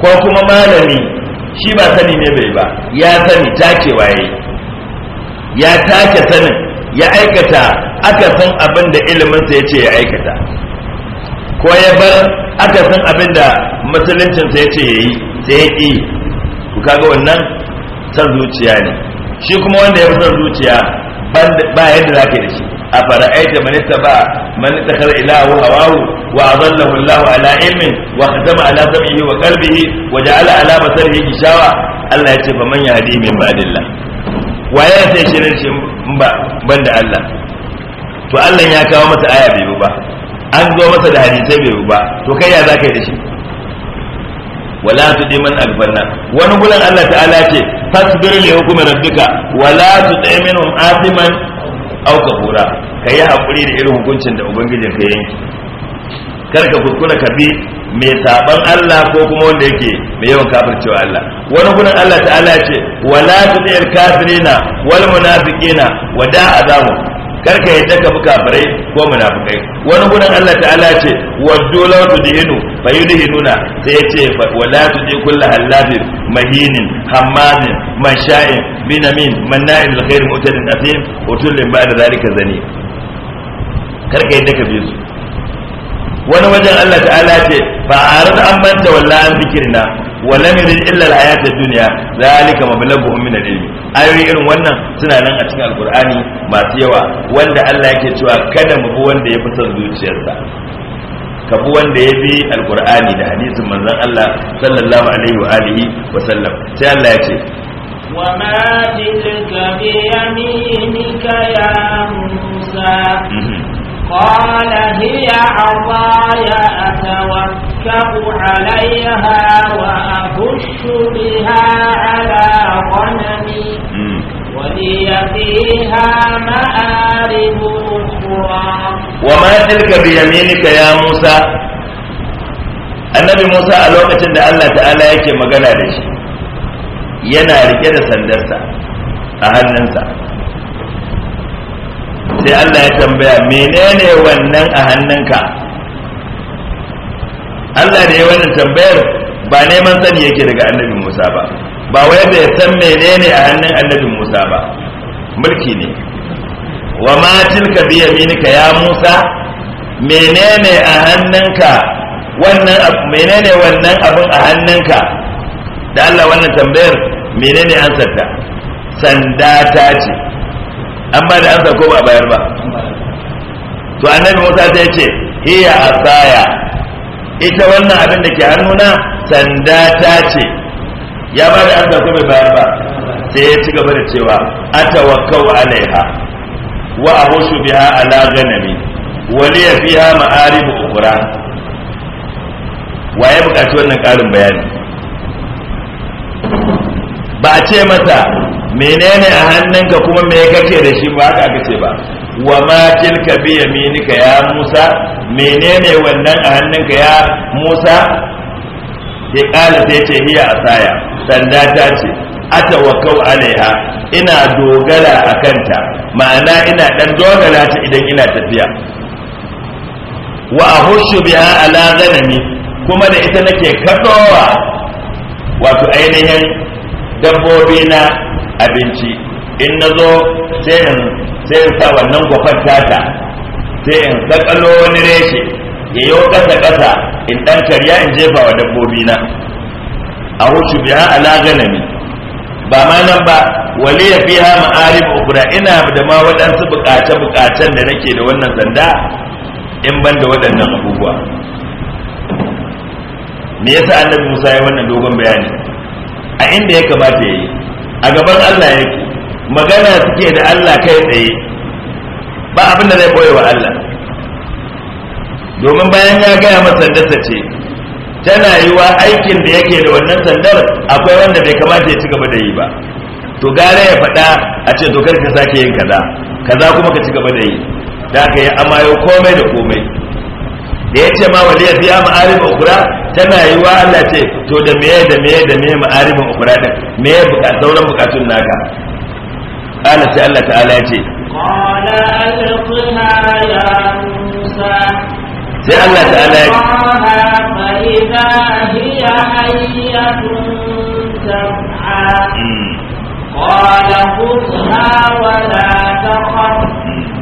[SPEAKER 1] ko kuma malami shi ba sani ne bai ba ya sani take waye ya take sanin ya aikata aka san abin da iliminsa ya ce ya aikata ko ya bar aka san abin da musuluncinsa ya ce ya yi sai ya ƙi ku kaga wannan san zuciya ne shi kuma wanda ya fi san zuciya ba yadda za ka yi da shi a aita manista ba manista kar ilahu hawa وأضله الله على علم وختم على سمعه وقلبه وجعل على بصره غشاوة الله يتي فمن يهدي من بعد الله ويا sai shirin shi ban da Allah to Allah ya kawo masa aya bai ba an zo masa da hadisai bai ba to kai ya zaka yi da shi wala tudi man albanna wani gulan Allah ta'ala ce fasbir li hukmi rabbika wala tudi minhum atiman aw kafura kai ya hakuri da irin hukuncin da ubangijin ka yanki kar ka kuskura ka bi mai saban Allah ko kuma wanda yake mai yawan kafircewa Allah wani gurin Allah ta'ala ce wala tu'il kafirina wal munafiqina wada azamu kar ka yadda ka buka kafirai ko munafikai wani gurin Allah ta'ala ce waddu law tudhinu fayudhinuna sai yace wala tudhi kullu halabin mahinin hammadin masha'in binamin manna'in alkhair mu'tadin asim utullin ba'da zalika zani kar ka yadda ka bi su wani wajen Allah ta'ala ce ba a rada an banta walla an zikirna wala min illa al ad-dunya zalika mablaghuhum min al-ilm ayoyi irin wannan suna nan a cikin alqur'ani masu yawa wanda Allah yake cewa kada mu bi wanda ya fitar zuciyarsa ka bi wanda ya bi alqur'ani da hadisin manzon Allah sallallahu alaihi wa alihi wa sallam sai Allah ya ce
[SPEAKER 2] وما تلك yaminika ya musa. Mhm. قال هي عطاي أتوكأ عليها وأبش بها على غنمي ولي فيها مآرب أخرى
[SPEAKER 1] وما تلك بيمينك يا موسى annabi Musa a lokacin da Allah ta'ala yake magana da shi yana rike da sandarsa a hannunsa sai Allah ya tambaya menene wannan a hannunka Allah da ya wannan tambayar ba neman sani yake daga annabin Musa ba ba wai bai san menene a hannun annabin Musa ba mulki ne wa ma tilka bi yaminika ya Musa menene a hannunka wannan menene wannan abin a hannunka da Allah wannan tambayar menene ansarta sanda ta ce an ba da an ko ba bayar ba to annabi musa ta ce hiya asaya ita wannan abin da ke hannuna sanda ta ce ya ba da an ko bai bayar ba sai ya ci gaba da cewa atawakkau alaiha wa ahushu biha ala ganami wa liya fiha ma'arib ukhra wa ya buƙaci wannan ƙarin bayani ba a ce masa menene a hannunka kuma me kake da shi ba haka aka ba wa ma tilka bi yaminika ya Musa menene wannan a hannunka ya Musa ya kala sai ce hiya asaya sanda ta ce atawakkau alaiha ina dogara a kanta ma'ana ina dan dogara ta idan ina tafiya wa ahushu biha ala ghanami kuma da ita nake kadowa wato ainihin dabbobi na abinci in na zo sai in sai in sa wannan tata sai in sakalo wani reshe ya yi ƙasa ƙasa in ɗan karya in jefa wa dabbobi na a hucu biya ala ganami ba ma nan ba wali ya fiha ma'arif ukura ina da ma waɗansu buƙace-buƙacen da nake da wannan sanda in ban da waɗannan abubuwa me yasa annabi musa ya wannan dogon bayani a inda ya kamata ya yi a gaban Allah ya ke magana suke da Allah kai tsaye ba abin da zai boye wa Allah domin bayan ya gaya masa sandarsa ce tana yi wa aikin da yake da wannan sandar akwai wanda bai kamata ya ci gaba da yi ba to gara ya faɗa a ce to kar ka sake yin kaza kaza kuma ka ci gaba da yi da ka yi amayo komai da komai da ya ce ma waliya biya ma'arifin ukura tana yi wa Allah ce to da meye da meye da meye ma'arifin ukura din meye sauran bukatun naka Allah sai Allah ta'ala ya ce ya
[SPEAKER 2] sai Allah ta'ala ya ce قال خذها ولا تخف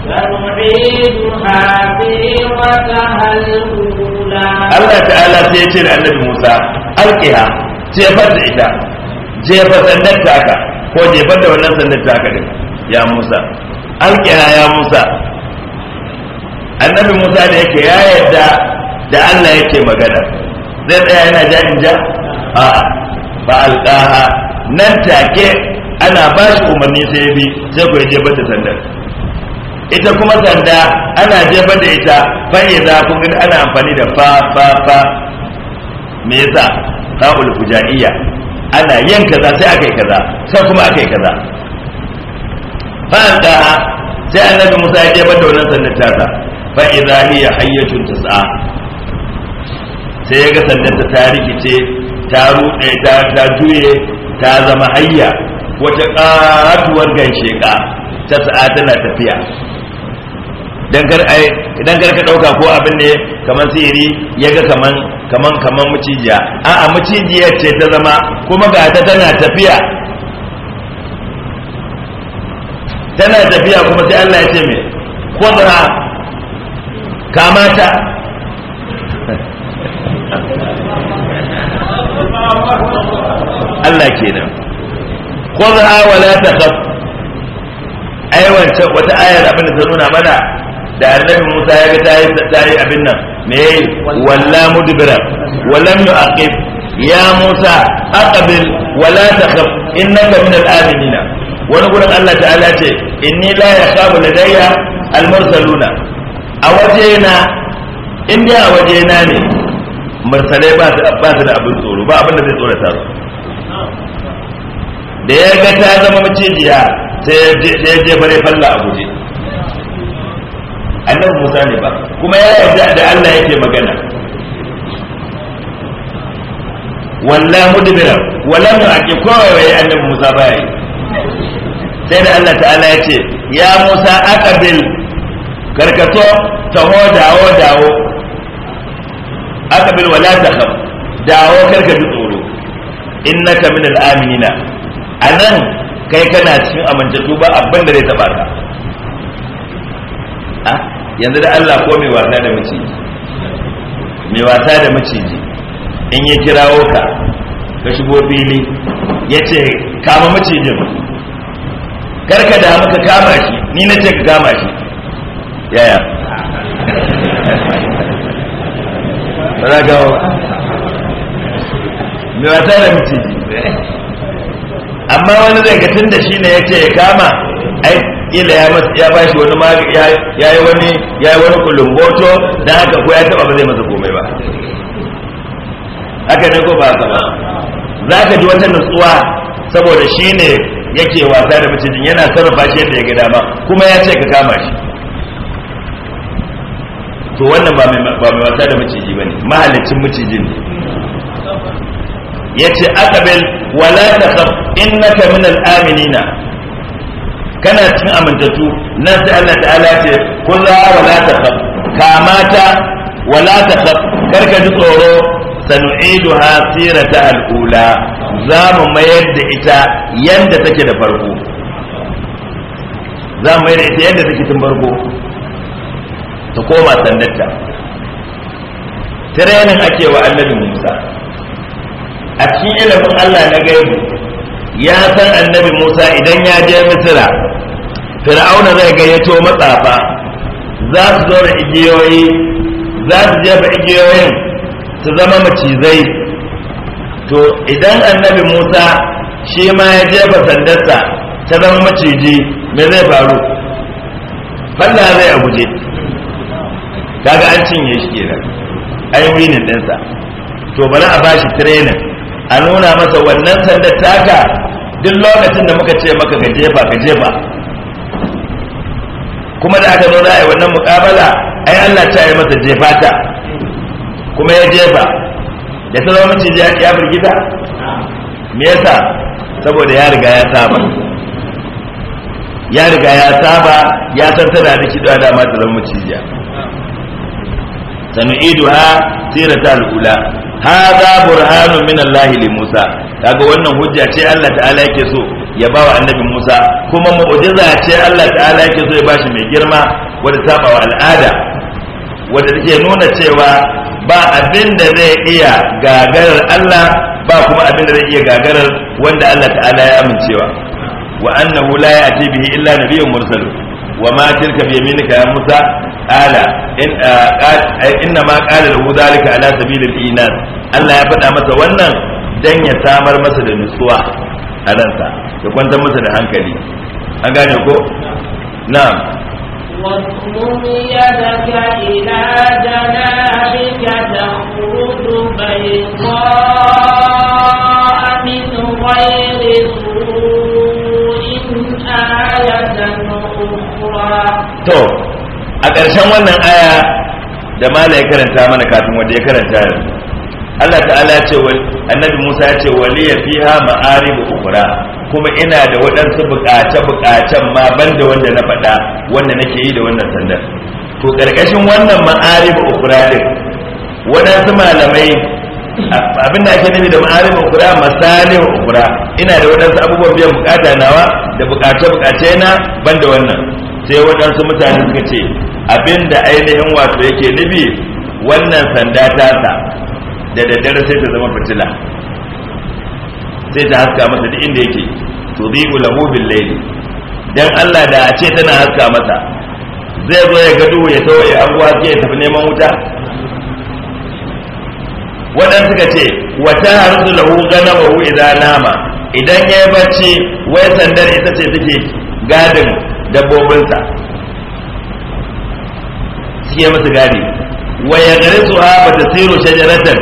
[SPEAKER 2] Allah ta'ala
[SPEAKER 1] sai ya ce da annabi Musa alƙiha jefar da ita jefar sandar taka ko jefar da wannan sandar taka din ya Musa alƙiha ya Musa annabi Musa da yake ya yarda da Allah yake magana zai tsaya yana ja in ja a ba alƙaha nan take ana ba shi umarni sai ya bi sai ku ya jefar da sandar ita kuma sanda ana jefar da ita za kun gani ana amfani da fa fa fa me yasa ta'ul fujaiyya ana yin kaza sai aka yi kaza sai kuma aka yi kaza fa'ada sai annabi Musa ya jefar da wannan sandar fa fa'iza hiya hayyatun tas'a sai ya ga sandar ta tarihi ce ta rude ta ta juye ta zama hayya wata ganshe ka ta sa'a tana tafiya dan kar ai idan kar ka dauka ko abin ne kamar sihiri ga kaman kaman kaman mucijiya a'a mucijiya ce ta zama kuma ga ta tana tafiya tana tafiya kuma sai Allah ya ce me kudra kamata Allah kenan kudra wala takhaf aiwance wata ayar abin da ta nuna mana da annabi Musa ya ga ta yi abin nan me walla mudbira walam yu'aqib ya Musa aqbil wala takhaf innaka min al-aminina wani gurin Allah ta'ala ce inni la yakhabu ladayya al-mursaluna a wajena in dai a wajena ne mursalai ba su da abin tsoro ba abin da zai tsorata su da ya ga ta zama macijiya sai ya je bare falla a guje annabi Musa ne ba kuma ya yarda da Allah yake magana walla mudbira wala mu ake kowai annabi Musa baya yi sai da Allah ta'ala ya ce ya Musa aqbil karkato taho dawo dawo aqbil wala takhaf dawo karka ji tsoro innaka min al-aminina anan kai kana cikin amintattu ba abin da zai taba ka a yanzu da Allah ko mai wasa da maciji mai wasa da maciji in ya kirawo ka ka shigo fili ya ce kama macijin karka da muka kama shi ni na ce ka kama shi yaya ba za ga mai wasa da maciji amma wani zai ga tun da shi ne ya ce ya kama ai kila ya masa ya bashi wani magani ya yi wani ya yi wani kulumboto dan haka ko ya taba ba zai masa komai ba haka ne ko ba haka ba za ka ji wata nutsuwa saboda shi ne yake wasa da macijin yana sarrafa shi yadda ya ga dama kuma ya ce ka kama shi to wannan ba mai wasa da maciji ba ne mahalicin macijin ne ya ce wala ta innaka min Aminina. kana cikin amintattu nan sai Allah ta'ala ce kulla wala takhaf kamata wala takhaf karka ji tsoro sanu'iduha ta al'ula za mu mayar da ita yanda take da farko za mu mayar da ita yanda take tun farko ta koma sandarta tirenin ake wa annabi Musa a cikin ilimin Allah na gaibu ya san annabi Musa idan ya je Misira fir'auna zai gayyato matsafa za su zo da igiyoyi za su jefa igiyoyin su zama macizai to idan annabi musa shi ma ya jefa sandarsa ta zama maciji me zai faru falla zai a guje kaga an cinye shi kenan an yi ɗinsa to bari a bashi tirenin a nuna masa wannan sandar taka duk lokacin da muka ce maka ka jefa ka jefa kuma da aka zo za a wannan mukabala ai Allah ta yi masa jefa ta kuma ya jefa da zama mace ya firgita me yasa saboda ya riga ya saba ya riga ya saba ya san tana da kiɗa da ma zama macijiya sanu'iduha sirata al-ula hadha burhanun min Allah li Musa kaga wannan hujja ce Allah ta'ala yake so ya ba wa annabi Musa kuma mu'jiza ce Allah ta'ala yake so ya ba shi mai girma wanda ba wa al'ada wanda take nuna cewa ba abin da zai iya gagarar Allah ba kuma abin da zai iya gagarar wanda Allah ta'ala ya amincewa wa annahu la ya'ti bihi illa nabiyyun mursalun wa ma tilka bi yaminika ya musa ala uh, inna ma qala lahu dalika ala sabil al allah ya faɗa masa wannan dan ya samar masa da nutsuwa alanta ya kwantar masa da hankali an gane ko na'am
[SPEAKER 2] wa to
[SPEAKER 1] a ƙarshen wannan aya da mala ya karanta mana kafin wanda ya karanta da Allah ta'ala ce annabi Musa ya ce waliya fiha ma'aribu ukura kuma ina da waɗansu buƙace-buƙacen ma banda wanda na faɗa wanda nake yi da wannan sandar to ƙarƙashin wannan ma'aribu ukura ne waɗansu malamai abin da ake nufi da ma'arin ukura masali ukura ina da waɗansu abubuwan biyan bukata nawa da buƙace-buƙace na ban da wannan sai waɗansu mutane suka ce abinda ainihin wato yake nufi wannan sanda ta sa da daddare sai ta zama fitila sai ta haska masa duk inda yake to zibu lahu bil layli dan Allah da a ce tana haska masa zai zo ya ga duhu ya tawo ya anguwa sai ya tafi neman wuta waɗansu suka ce wata harzu lahu ganamahu idan nama idan yayi bacci wai sandar ita ce take gadin dabbobinsa shi ya musu gadi waya garin su ha ta tsiro shajaratan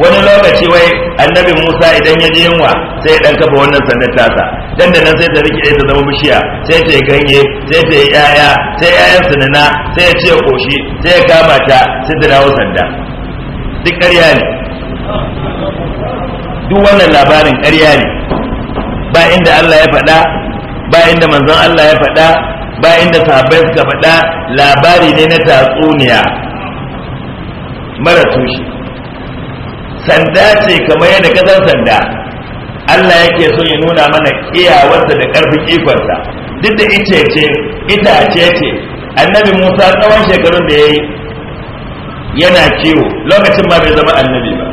[SPEAKER 1] wani lokaci wai annabi musa idan ya je yunwa sai ya dan kafa wannan sandar tasa dan da nan sai ta rike ta zama bishiya sai ta yi ganye sai ta yi yaya sai yayan sunana sai ya ce koshi sai ya kama ta sai ta dawo sanda duk ƙarya ne duk wannan labarin karya ne ba inda Allah ya faɗa ba inda manzon Allah ya faɗa ba inda sahabbai suka faɗa labari ne na tatsuniya mara tushe sanda ce kamar yadda kasar sanda Allah yake so ya nuna mana kiyawarsa da ƙarfin ikonsa duk da ice ce ita ce annabi Musa tsawon shekarun da ya yi yana kiwo lokacin ma bai zama annabi ba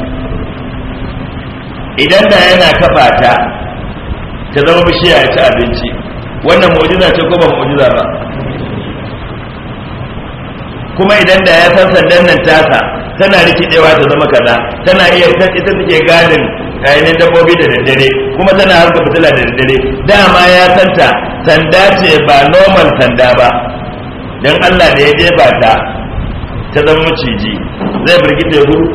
[SPEAKER 1] idan da yana kafa ta ta zama bishiya ya ci abinci wannan mu'jiza ce ko ba mu'jiza ba kuma idan da ya san sandan nan tasa tana rikidewa ta zama kaza tana iya ita take gadin ainihin dabbobi da daddare kuma tana harka fitila da daddare dama ya santa sanda ce ba normal sanda ba don Allah da ya jefa ta ta zama maciji zai birgita ya gudu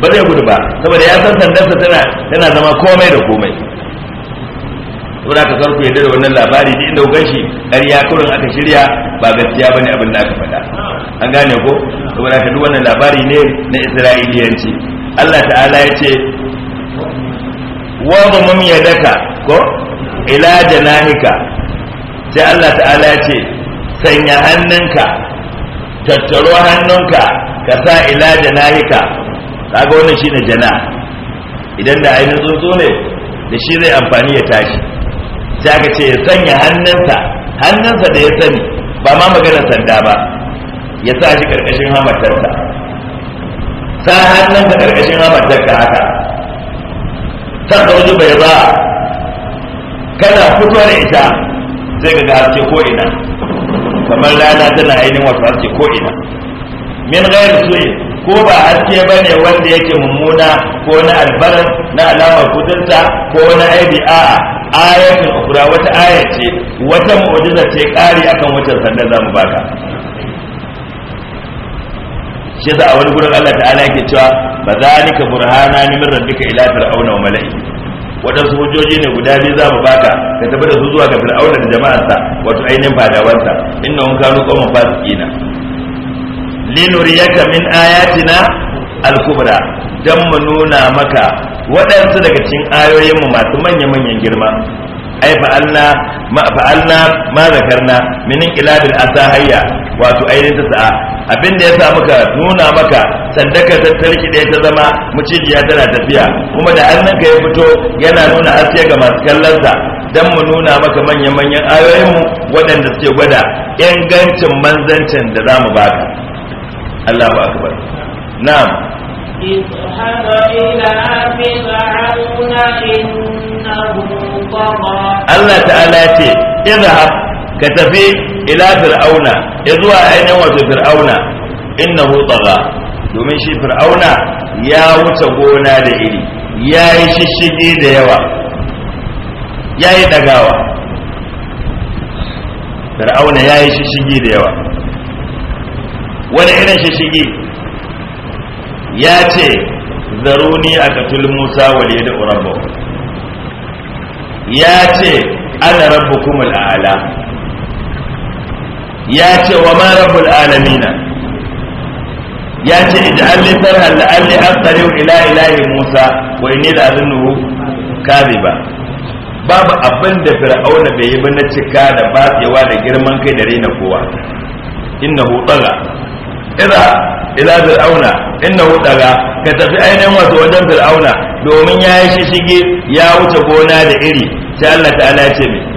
[SPEAKER 1] ba zai gudu ba saboda ya san sandarsa tana zama komai da komai saboda ka karku yadda da wannan labari da inda shi ƙarya kurin aka shirya ba gaskiya bane abin da aka faɗa an gane ko saboda ka duk wannan labari ne na isra'iliyanci Allah ta'ala ya ce wa mamam yadaka ko ila janahika sai Allah ta'ala ya ce sanya hannunka tattaro hannunka ka sa ila janahika kaga wannan shine jana idan da ainihin tsuntsu ne da shi zai amfani ya tashi sai aka ce ya sanya hannunsa hannunsa da ya sani ba ma magana sanda ba ya sa shi karkashin hamartarsa. sa hannunsa karkashin hamartarsa haka ta wajen bai ba kana fito da ita sai ka ga haske ko ina kamar rana tana ainihin wasu haske ko ina min gayar suyi ko ba haske ba ne wanda yake mummuna ko na albaran na alamar kudinta ko na aibi a ayatun wata mu'jiza ce ƙari akan wucin sanda za mu baka shi yasa a wani gurin Allah ta'ala yake cewa ba ka burhana ni min rabbika ila fir'auna wa mala'i wadansu hujjoji ne guda biyu za mu baka ka tabbata da su zuwa ga fir'auna da jama'arsa wato ainihin fadawansa hum kanu qawman fasiqina linuriyaka min ayatina al-kubra dan mu nuna maka waɗansu daga cikin ayoyinmu masu manya-manyan girma ai fa'alna ma fa'alna ma zakarna min ilabil asahiyya wato ainihin ta sa'a abin da ya sa muka nuna maka sandaka ta tarki ɗaya ta zama mucijiya tana tafiya kuma da hannunka ya fito yana nuna haske ga masu kallonsa dan mu nuna maka manyan manyan ayoyinmu waɗanda suke gwada ingancin manzancin da zamu mu baka Allahu akbar na'am
[SPEAKER 2] إلى فرعون Allah ta'ala ya ce
[SPEAKER 1] izhab ka tafi ila fir'auna ya zuwa ainihin wato fir'auna innahu tagha domin shi fir'auna ya wuce gona da iri ya yi shishige da yawa ya yi dagawa fir'auna ya yi shishige da yawa wani irin shishige ya ce zaruni a katul musa wale da urabba. ya ce ana kuma al'ala ya ce wa ma rabu alamina ya ce ij'al li an la'alli aqtari ila ilahi musa wa nuhu kabe ba, babu abin da fir'auna bai yi ba na cika da batsewa da girman kai da raina kowa inna tsala idza ila fir'auna innahu daga ka tafi ainihin wato wajen fir'auna domin ya yi shishige ya wuce gona da iri sai Allah ta ala ce mai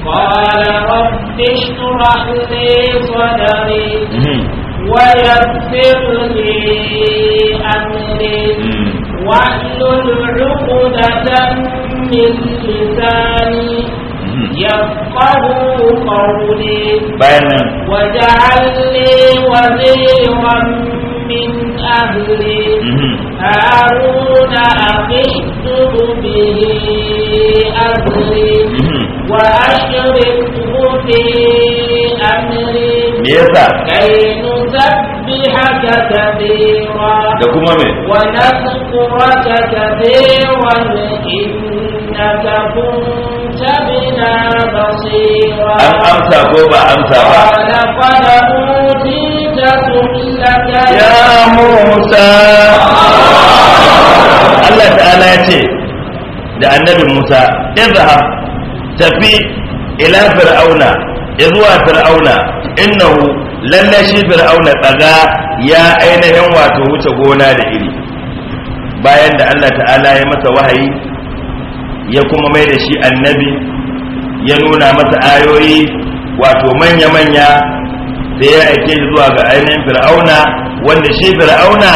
[SPEAKER 2] قال رب min yafahu qawli bayana waj'alni waziran min ahli haruna aqitu bihi azri wa ashrifu fi amri yasa
[SPEAKER 1] kainu
[SPEAKER 2] sabbihaka kathira da kuma me wa nasquraka kathiran innaka kuntu An amsa
[SPEAKER 1] ko ba amsa ba? Ya musa? Allah ta'ala ya ce da annabi Musa izhab tafi ila fir'auna ya zuwa fir'auna innahu lallai shi fir'auna tsaga ya ainihin wato wuce gona da iri bayan da Allah ta'ala ya masa wahayi ya kuma mai da shi annabi ya nuna masa ayoyi wato manya-manya da ya aike zuwa ga ainihin fir'auna wanda shi fir'auna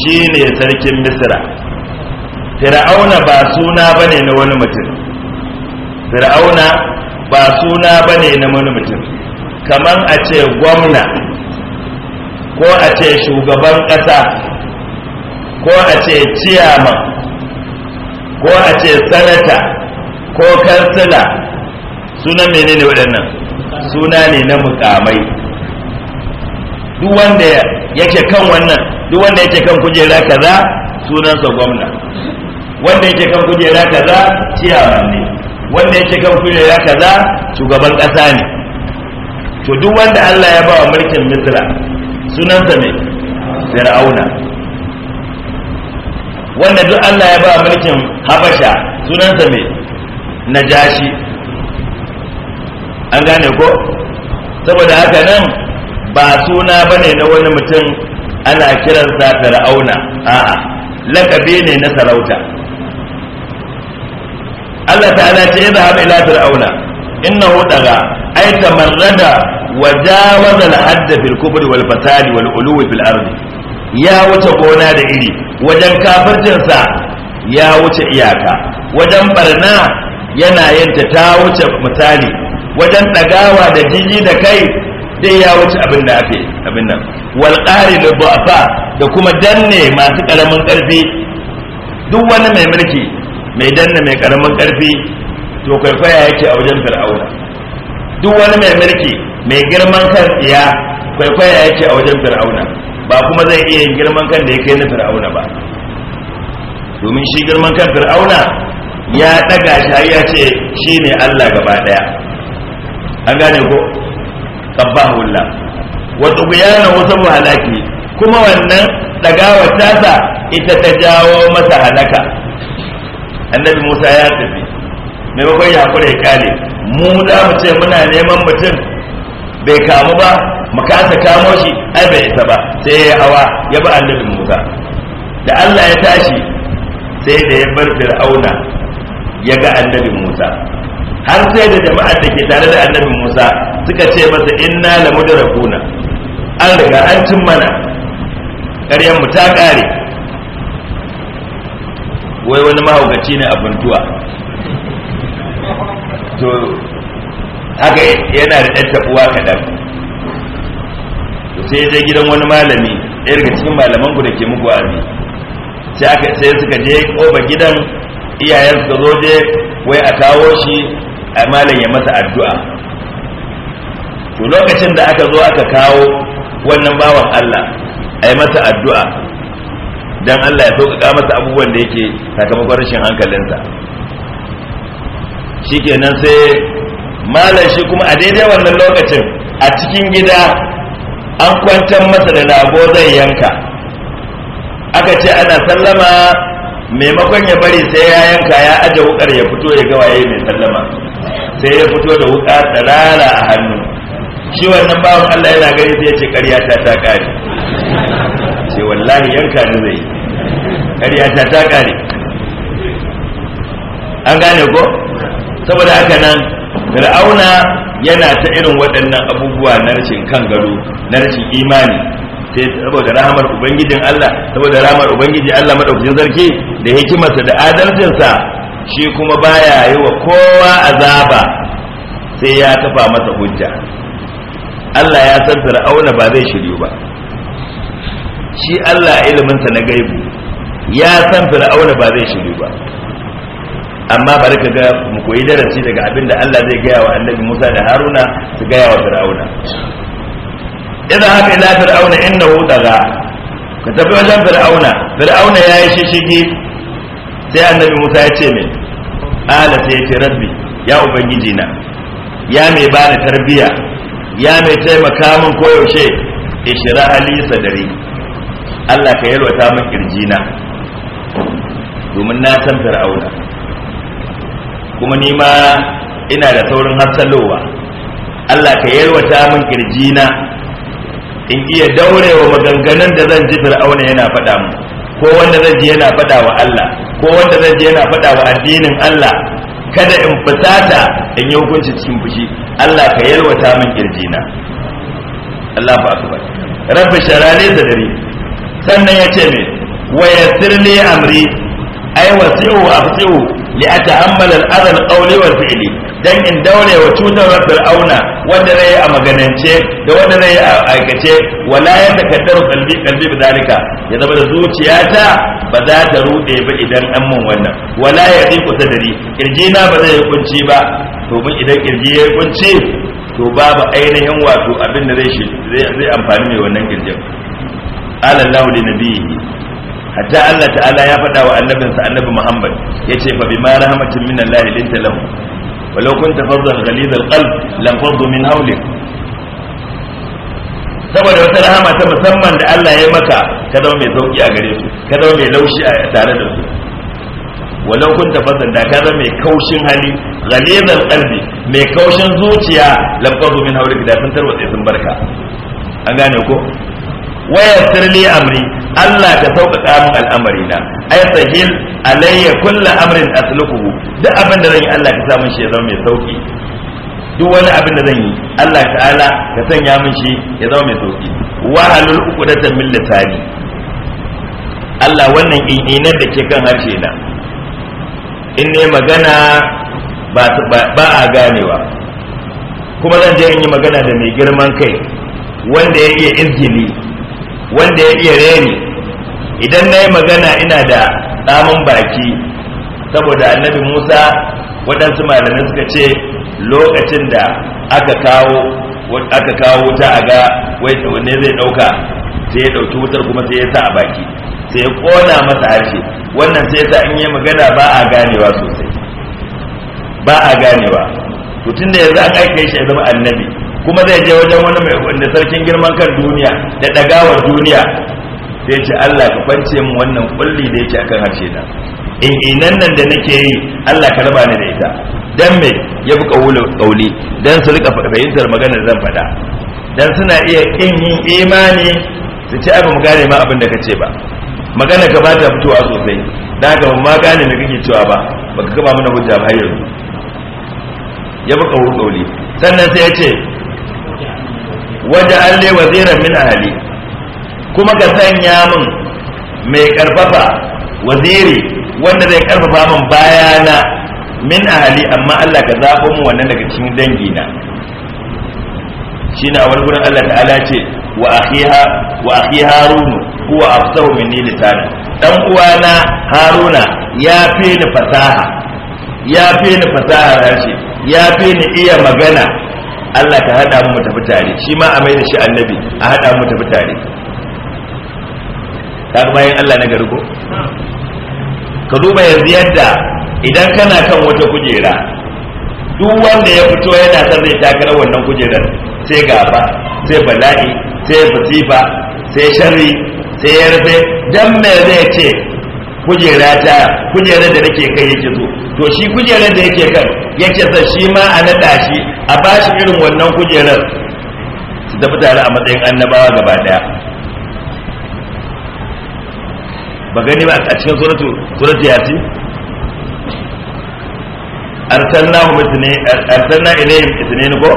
[SPEAKER 1] shi ne sarkin misira fir'auna ba suna ba ne na wani mutum fir'auna ba suna ba ne na wani mutum kamar a ce gwamna ko a ce shugaban ƙasa ko a ce ciyaman ko a ce sanata ko kansila sunan menene waɗannan suna ne na mukamai duk wanda yake kan wannan duk wanda yake kan kujera kaza sunansa gwamna wanda yake kan kujera kaza ciyaman ne wanda yake kan kujera kaza shugaban ƙasa ne to duk wanda Allah ya ba wa mulkin misra sunansa ne fir'auna wanda duk Allah ya ba mulkin habasha sunansa mai najashi an gane ko saboda haka nan ba suna bane na wani mutum ana kiransa fir'auna a'a lakabi ne na sarauta Allah ta'ala ce ya zahaba ila fir'auna innahu daga ay tamarrada wa jawaza al-hadd fil kubri wal fasadi wal ulwi fil ardi ya wuce gona da iri wajen kafircinsa ya wuce iyaka wajen barna yana yin ta wuce misali wajen ɗagawa da jiji da kai dai ya wuce abin da ake abin nan wal qari da kuma danne masu karamin karfi duk wani mai mulki mai danne mai karamin karfi to kwaikwaya yake a wajen fir'auna duk wani mai mulki mai girman kan tsiya kwaikwaya yake a wajen fir'auna ba kuma zai iya yin girman kan da ya kai na fir'auna ba domin shi girman kan fir'auna ya daga shi ya ce shi ne Allah gaba daya an gane ko qabbahullah wa tughyana wa sabu halaki kuma wannan dagawa tasa ita ta jawo masa halaka annabi Musa ya tafi maimakon ya hakura ya kale mu da mu ce muna neman mutum bai kamu ba kasa kamo shi ai bai isa ba sai ya hawa ya ba annabi Musa da Allah ya tashi sai da ya bar Fir'auna ya ga annabi Musa har sai da jama'ar da ke tare da annabi Musa suka ce masa inna la mudrakuna an riga an cin mana ƙaryar mu ta ƙare wai wani mahaukaci ne a bantuwa to haka yana da ɗan tabuwa kaɗan to sai je gidan wani malami ɗaya daga cikin malaman ku da ke muku wa'azi sai sai suka je koba gidan iyayen suka zo je wai a kawo shi a malam ya masa addu'a to lokacin da aka zo aka kawo wannan bawan Allah a yi masa addu'a dan Allah ya sauƙaƙa masa abubuwan da yake sakamakon rashin hankalinsa shikenan sai malam shi kuma a daidai wannan lokacin a cikin gida an kwantar masa da lago zai yanka aka ce ana sallama maimakon ya bari sai ya yanka ya aje wukar ya fito ya ga waye mai sallama sai ya fito da wuka tsirara a hannu shi wannan bawan Allah yana gani sai ya ce ƙarya ta ta kare ce wallahi yanka ne zai ƙarya ta ta kare an gane ko saboda haka nan fir'auna yana ta irin waɗannan abubuwa na rashin kan gado na rashin imani sai saboda rahamar ubangijin Allah saboda rahamar ubangiji Allah madaukakin sarki da hikimarsa da adalcinsa shi kuma baya yi wa kowa azaba sai ya kafa masa hujja Allah ya san Fir'auna ba zai shiryu ba shi Allah iliminsa na gaibu ya san Fir'auna ba zai shiryu ba amma bari ka ga mu koyi darasi daga abin da Allah zai gaya wa annabi Musa da Haruna su gaya wa Fir'auna idan haka ila Fir'auna innahu daga ka tafi wajen Fir'auna Fir'auna ya yi shishigi sai annabi Musa ya ce min ala sai ya ce rabbi ya ubangiji na ya mai bani tarbiya ya mai taimaka min koyaushe ishira ali sadari Allah ka yalwata min kirjina domin na san Fir'auna kuma ni ma ina da saurin hassalowa Allah ka yarwata min kirjina in iya daurewa maganganun da zan ji fir'auna yana faɗa mu ko wanda zan ji yana faɗa wa Allah ko wanda zan ji yana faɗa wa addinin Allah kada in fusata in yi hukunci cikin fushi Allah ka yarwata min kirjina Allah ba akbar rabbi sharale da dare sannan ya ce me wa yassir li amri ay wasi'u wa afsi'u li a al-adha al-qawli fi'li dan in daure wa cutar fir'auna wanda rai a maganance da wanda rai a aikace wala ya takaddaru qalbi qalbi bidalika ya zama da zuciyata ba za ta rude ba idan an mun wannan wala ya riku sadari kirjina ba zai kunci ba domin idan kirji ya kunci to babu ainihin wato abin da zai amfani mai wannan kirjin qala Allahu na nabiyhi hatta Allah ta'ala ya faɗa wa annabinsa annabi Muhammad ya ce fa bima rahmatin min Allah linta lahu walau kunta faddan ghalid alqalb lam faddu min hawlik saboda wata rahama ta musamman da Allah ya maka ka zama mai sauki a gare su ka zama mai laushi a tare da su walau kunta faddan da ka zama mai kaushin hali ghalid alqalb mai kaushin zuciya lam faddu min hawlik da sun tarwatsa sun barka an gane ko Waya li amri Allah ka sauƙaƙa min al'amari na ay sahil alayya kullu amrin asluquhu duk abin da zan yi Allah ka sa mun shi ya zama mai sauki duk wani abin da zan yi Allah ta'ala ka sanya min shi ya zama mai sauki wahalul uqdatan min lisani Allah wannan inar da ke kan harshe na in ne magana ba a ganewa kuma zan je in yi magana da mai girman kai wanda ya iya izgili wanda ya iya reni idan na yi magana ina da tsamin baki saboda annabi musa waɗansu malamai suka ce lokacin da aka kawo aka kawo wuta a ga wanne zai ɗauka sai ya ɗauki wutar kuma sai ya sa a baki sai ya ƙona masa harshe wannan sai ya sa in yi magana ba a ganewa sosai ba a ganewa mutum da yanzu an aika shi ya zama annabi kuma zai je wajen wani mai wanda sarkin girman kan duniya da dagawar duniya sai ce Allah ka kwance mu wannan kulli da yake akan harshe na in inan nan da nake yi Allah ka raba ni da ita dan me ya bi kauli dan su rika fahimtar maganar zan faɗa dan suna iya kin yin imani su ci abin gane ma abin da kace ba magana ka bata fitowa sosai da haka ma gane me kake cewa ba baka kaba mana hujja ba yanzu ya bi kauli sannan sai ya ce waje an le waziran min ahali kuma ka sanya min mai karfafa waziri wanda zai karfafa min bayana min ahali amma Allah ka zaɓo mu wannan daga cikin dangina Shi na wani gurin Allah ta'ala ce wa wa akhi harunu huwa afsahu minni lisana dan uwana haruna ya fi ni fasaha ya fi ni fasaha ya fi ni iya magana Allah ta hada mu tafi tare shi ma a mai da shi annabi a hada mu tafi tare kaga bayan Allah na gargo ka duba yanzu yadda idan kana kan wata kujera duk wanda ya fito yana son zai takara wannan kujerar sai gaba sai bala'i sai fasifa sai sharri sai yarfe dan me zai ce kujera ta kujerar da nake kai yake zo to shi kujerar da yake kan yake sa shi ma a nada shi a ba shi irin wannan kujerar su tafi tare a matsayin annabawa gaba daya ba gani ba a cikin suratu suratu yasin arsalnahum ithnayn arsalna ilayhim ithnayn ko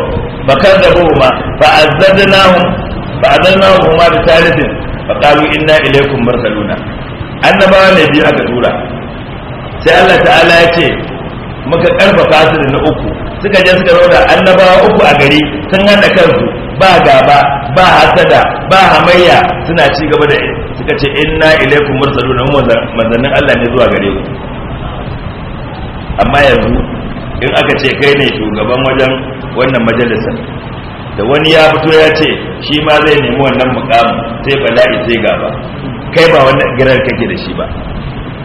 [SPEAKER 1] fa kadzabuhuma fa azzadnahum fa azzadnahum bi thalithin fa qalu inna ilaykum mursaluna annabawa ne biyu aka tura sai Allah ta'ala ya ce muka karfafa su na uku suka je suka zauna annabawa uku a gari sun hada kansu ba gaba ba hasada ba hamayya suna ci gaba da suka ce inna ilaikum mursaluna manzannin Allah ne zuwa gare ku amma yanzu in aka ce kai ne shugaban wajen wannan majalisar da wani ya fito ya ce shi ma zai nemi wannan mukamin sai bala'i sai gaba kai ba wani girar kake da shi ba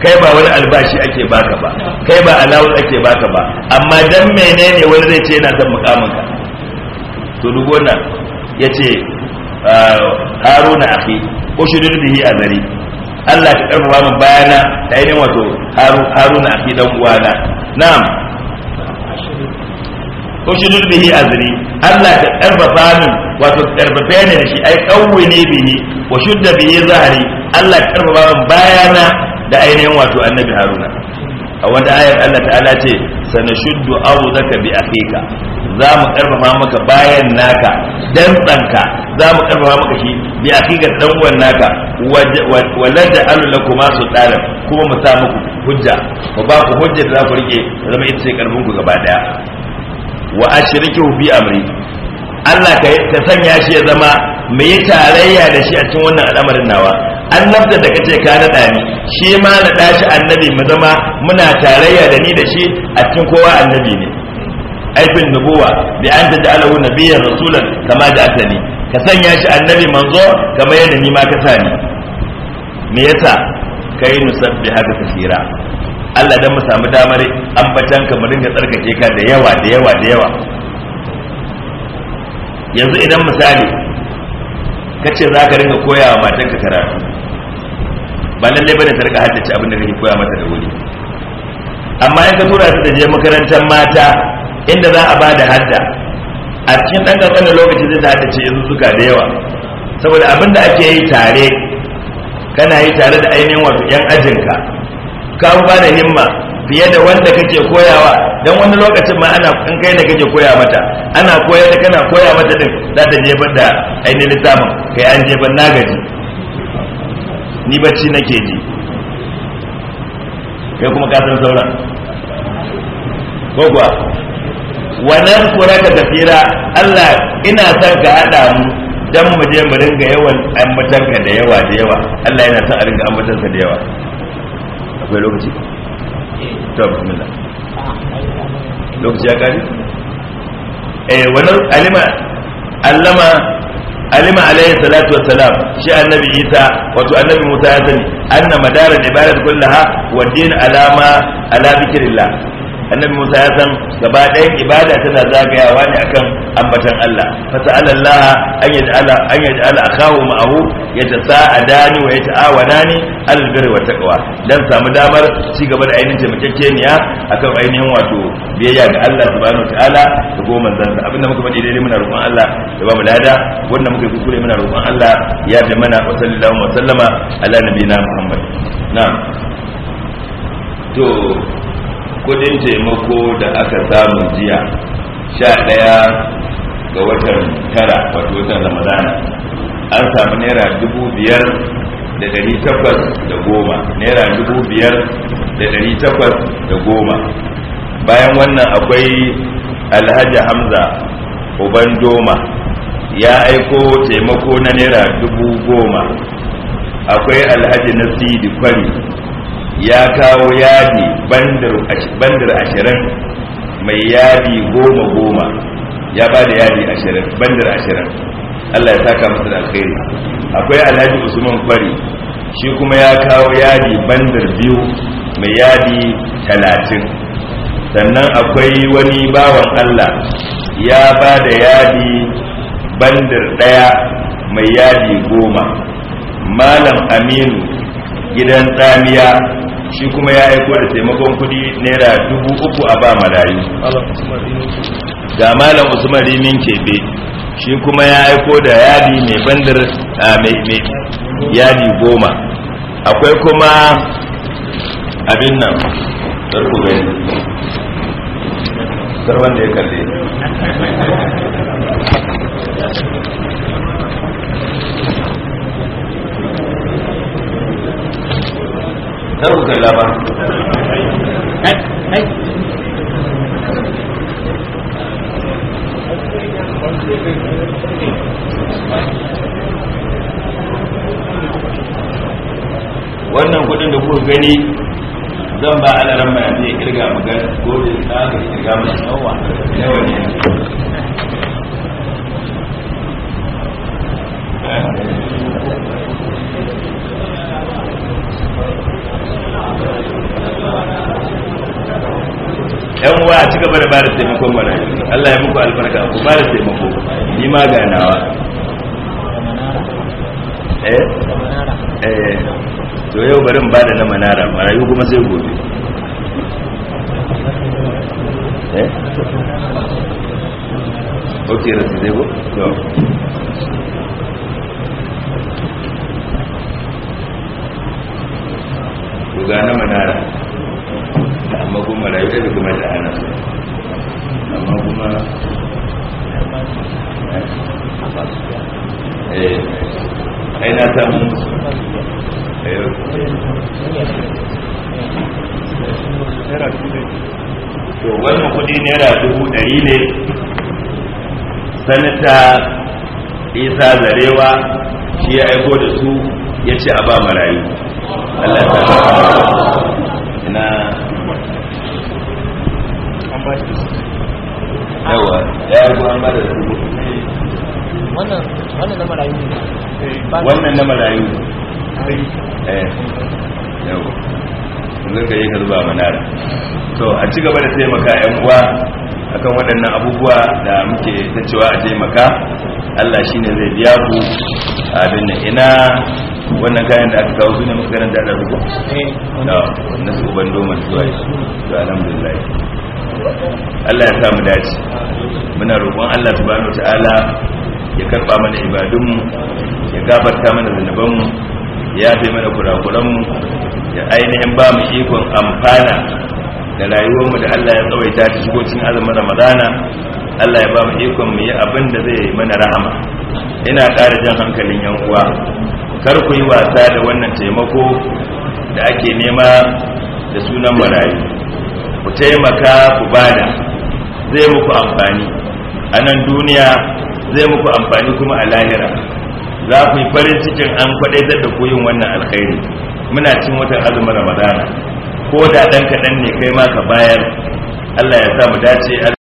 [SPEAKER 1] kai ba wani albashi ake baka ba kai ba alawu ake baka ba amma dan menene wani zai ce yana son mukamin ka to duk wannan yace ah, haruna akhi ushudur bihi azari Allah ka karba min bayana da wato haruna akhi dan uwana na'am ushudud bihi azri Allah ka karfafa min wato karfafa ne da shi ai kawwini bihi wa shudda bihi zahri Allah ka karfafa min bayana da ainihin wato annabi Haruna a wanda ayar Allah ta'ala ce sanashuddu arzaka bi akhika za mu karfafa maka bayan naka dan tsanka za mu karfafa maka shi bi akhika dan uwan naka walada alu lakuma tsara kuma mu sa muku hujja ba ba ku hujja da za ku rike zama ita ce karfin ku gaba daya wa ashriku fi amri Allah ka sanya shi ya zama mai tarayya da shi a cikin wannan al'amarin nawa annabta da kace ka nada ni shi ma na shi annabi mu zama muna tarayya da ni da shi a cikin kowa annabi ne aifin nubuwa bi an da alahu nabiyyan rasulan kama da asali ka sanya shi annabi manzo kama yadda ni ma ka sani me yasa kai nusabbi haka kasira Allah dan mu samu damar ambatan ka mu dinga tsarkake ka da yawa da yawa da yawa yanzu idan misali ka ce za ka dinga koya wa matanka karatu ba lallai bane ta rika haddace abin da kake koya mata da wuri amma in ka tura su da je makarantar mata inda za a bada hadda a cikin ɗan ƙanƙanin lokaci zai ta ce yanzu suka da yawa saboda abin da ake yi tare kana yi tare da ainihin wato 'yan ajinka ka ba da himma fiye da wanda kake koyawa dan wani lokacin ma ana in kai da kake koya mata ana koyar da kana koya mata din za ta jefar da ainihin littafin kai an jefar na gaji ni bacci nake ji kai kuma ka san sauran gogwa wannan kura ka tafira Allah ina son ka hada mu dan mu je mu ringa yawan ambatanka da yawa da yawa Allah yana son a ringa ka da yawa akwai lokaci to bismillah lokaci ya eh wannan alima allama alima alayhi salatu shi annabi isa wato annabi musa ya sani anna madara ibadat kullaha wa din alama ala zikrillah annabi Musa ya san gaba ɗayan ibada tana zagayawa ne akan ambatan Allah fasa'ala Allah an yaj'ala an a akahu ma'ahu ni wa yata'awanani ne birri wa taqwa dan samu damar ci gaba da ainihin taimakekeniya akan ainihin wato biyayya ga Allah subhanahu ta'ala da goma zansa abinda muka faɗi daidai muna roƙon Allah ya ba mu lada wanda muka yi kuskure muna roƙon Allah ya fi mana wa sallallahu wa sallama ala nabiyina Muhammad na'am to kudin taimako da aka samu jiya sha ɗaya ga watan tara wato watan ramadana an samu naira dubu biyar da dari takwas da goma naira dubu biyar da dari takwas da goma bayan wannan akwai alhaji hamza uban doma ya aiko taimako na naira dubu goma akwai alhaji Sidi kwari ya kawo yadi bandar ashirin mai yadi goma goma ya ba da yadi ashirin bandar ashirin allah ya saka masa da alkhairi akwai alhaji usman kwari shi kuma ya kawo yadi bandar biyu mai yadi talatin sannan akwai wani bawan allah ya ba da yadi bandar daya mai yadi goma malam aminu gidan tsamiya shi kuma ya aiko da taimakon kudi naira dubu uku a ba marayu ga malam usman rimin kebe shi kuma ya aiko da yadi mai bandar mai yadi goma akwai kuma abin nan ya kalle na rubuta ba wannan kudin da kuka gani zan ba alaran bayan zai kirga magana ko da ga kirga mai nawa nawa
[SPEAKER 3] ne
[SPEAKER 1] yan uwa a cigaba da bada taimakon mana Allah ya muku albarka ku bada taimako ni ma ganawa eh eh to yau bari in bada na manara marayu kuma sai gobe eh ok rasu zai go to ga na manara marayu da kuma su amma
[SPEAKER 3] kuma eh na samu
[SPEAKER 1] eh. to wannan kudi naira dubu ɗari ne sanata isa zarewa shi ya aiko da su ya ce a ba marayu allah ta ina yawa ya yi an bada dubu
[SPEAKER 3] wannan wannan na marayu ne. Eh, wannan na marayu
[SPEAKER 1] eh yawa yanzu ka manara so a ci gaba da taimaka yan uwa akan waɗannan abubuwa da muke ta cewa a taimaka Allah shi ne zai biya ku abin da ina wannan kayan da aka kawo su ne makarantar da rubu eh, na su uban domin zuwa to alhamdulillah Allah ya samu dace muna roƙon Allah subhanahu ta'ala ya karba mana ibadunmu ya gafarta mana mu ya fi mana kurakuranmu ya ainihin ba mu ikon amfana da rayuwarmu da Allah ya tsawaita ta shigo cikin azumin Ramadana Allah ya ba mu ikon mu yi abin da zai mana rahama ina ƙara jan hankalin yan uwa kar ku yi wasa da wannan taimako da ake nema da sunan marayu ku taimaka ku bada zai muku amfani a nan duniya zai muku amfani kuma a lahira za ku yi farin cikin an kwadaitar da koyin wannan alkhairi muna cin watan azumin ramadana ko da ɗan kaɗan ne kai ma ka bayar allah ya sa mu dace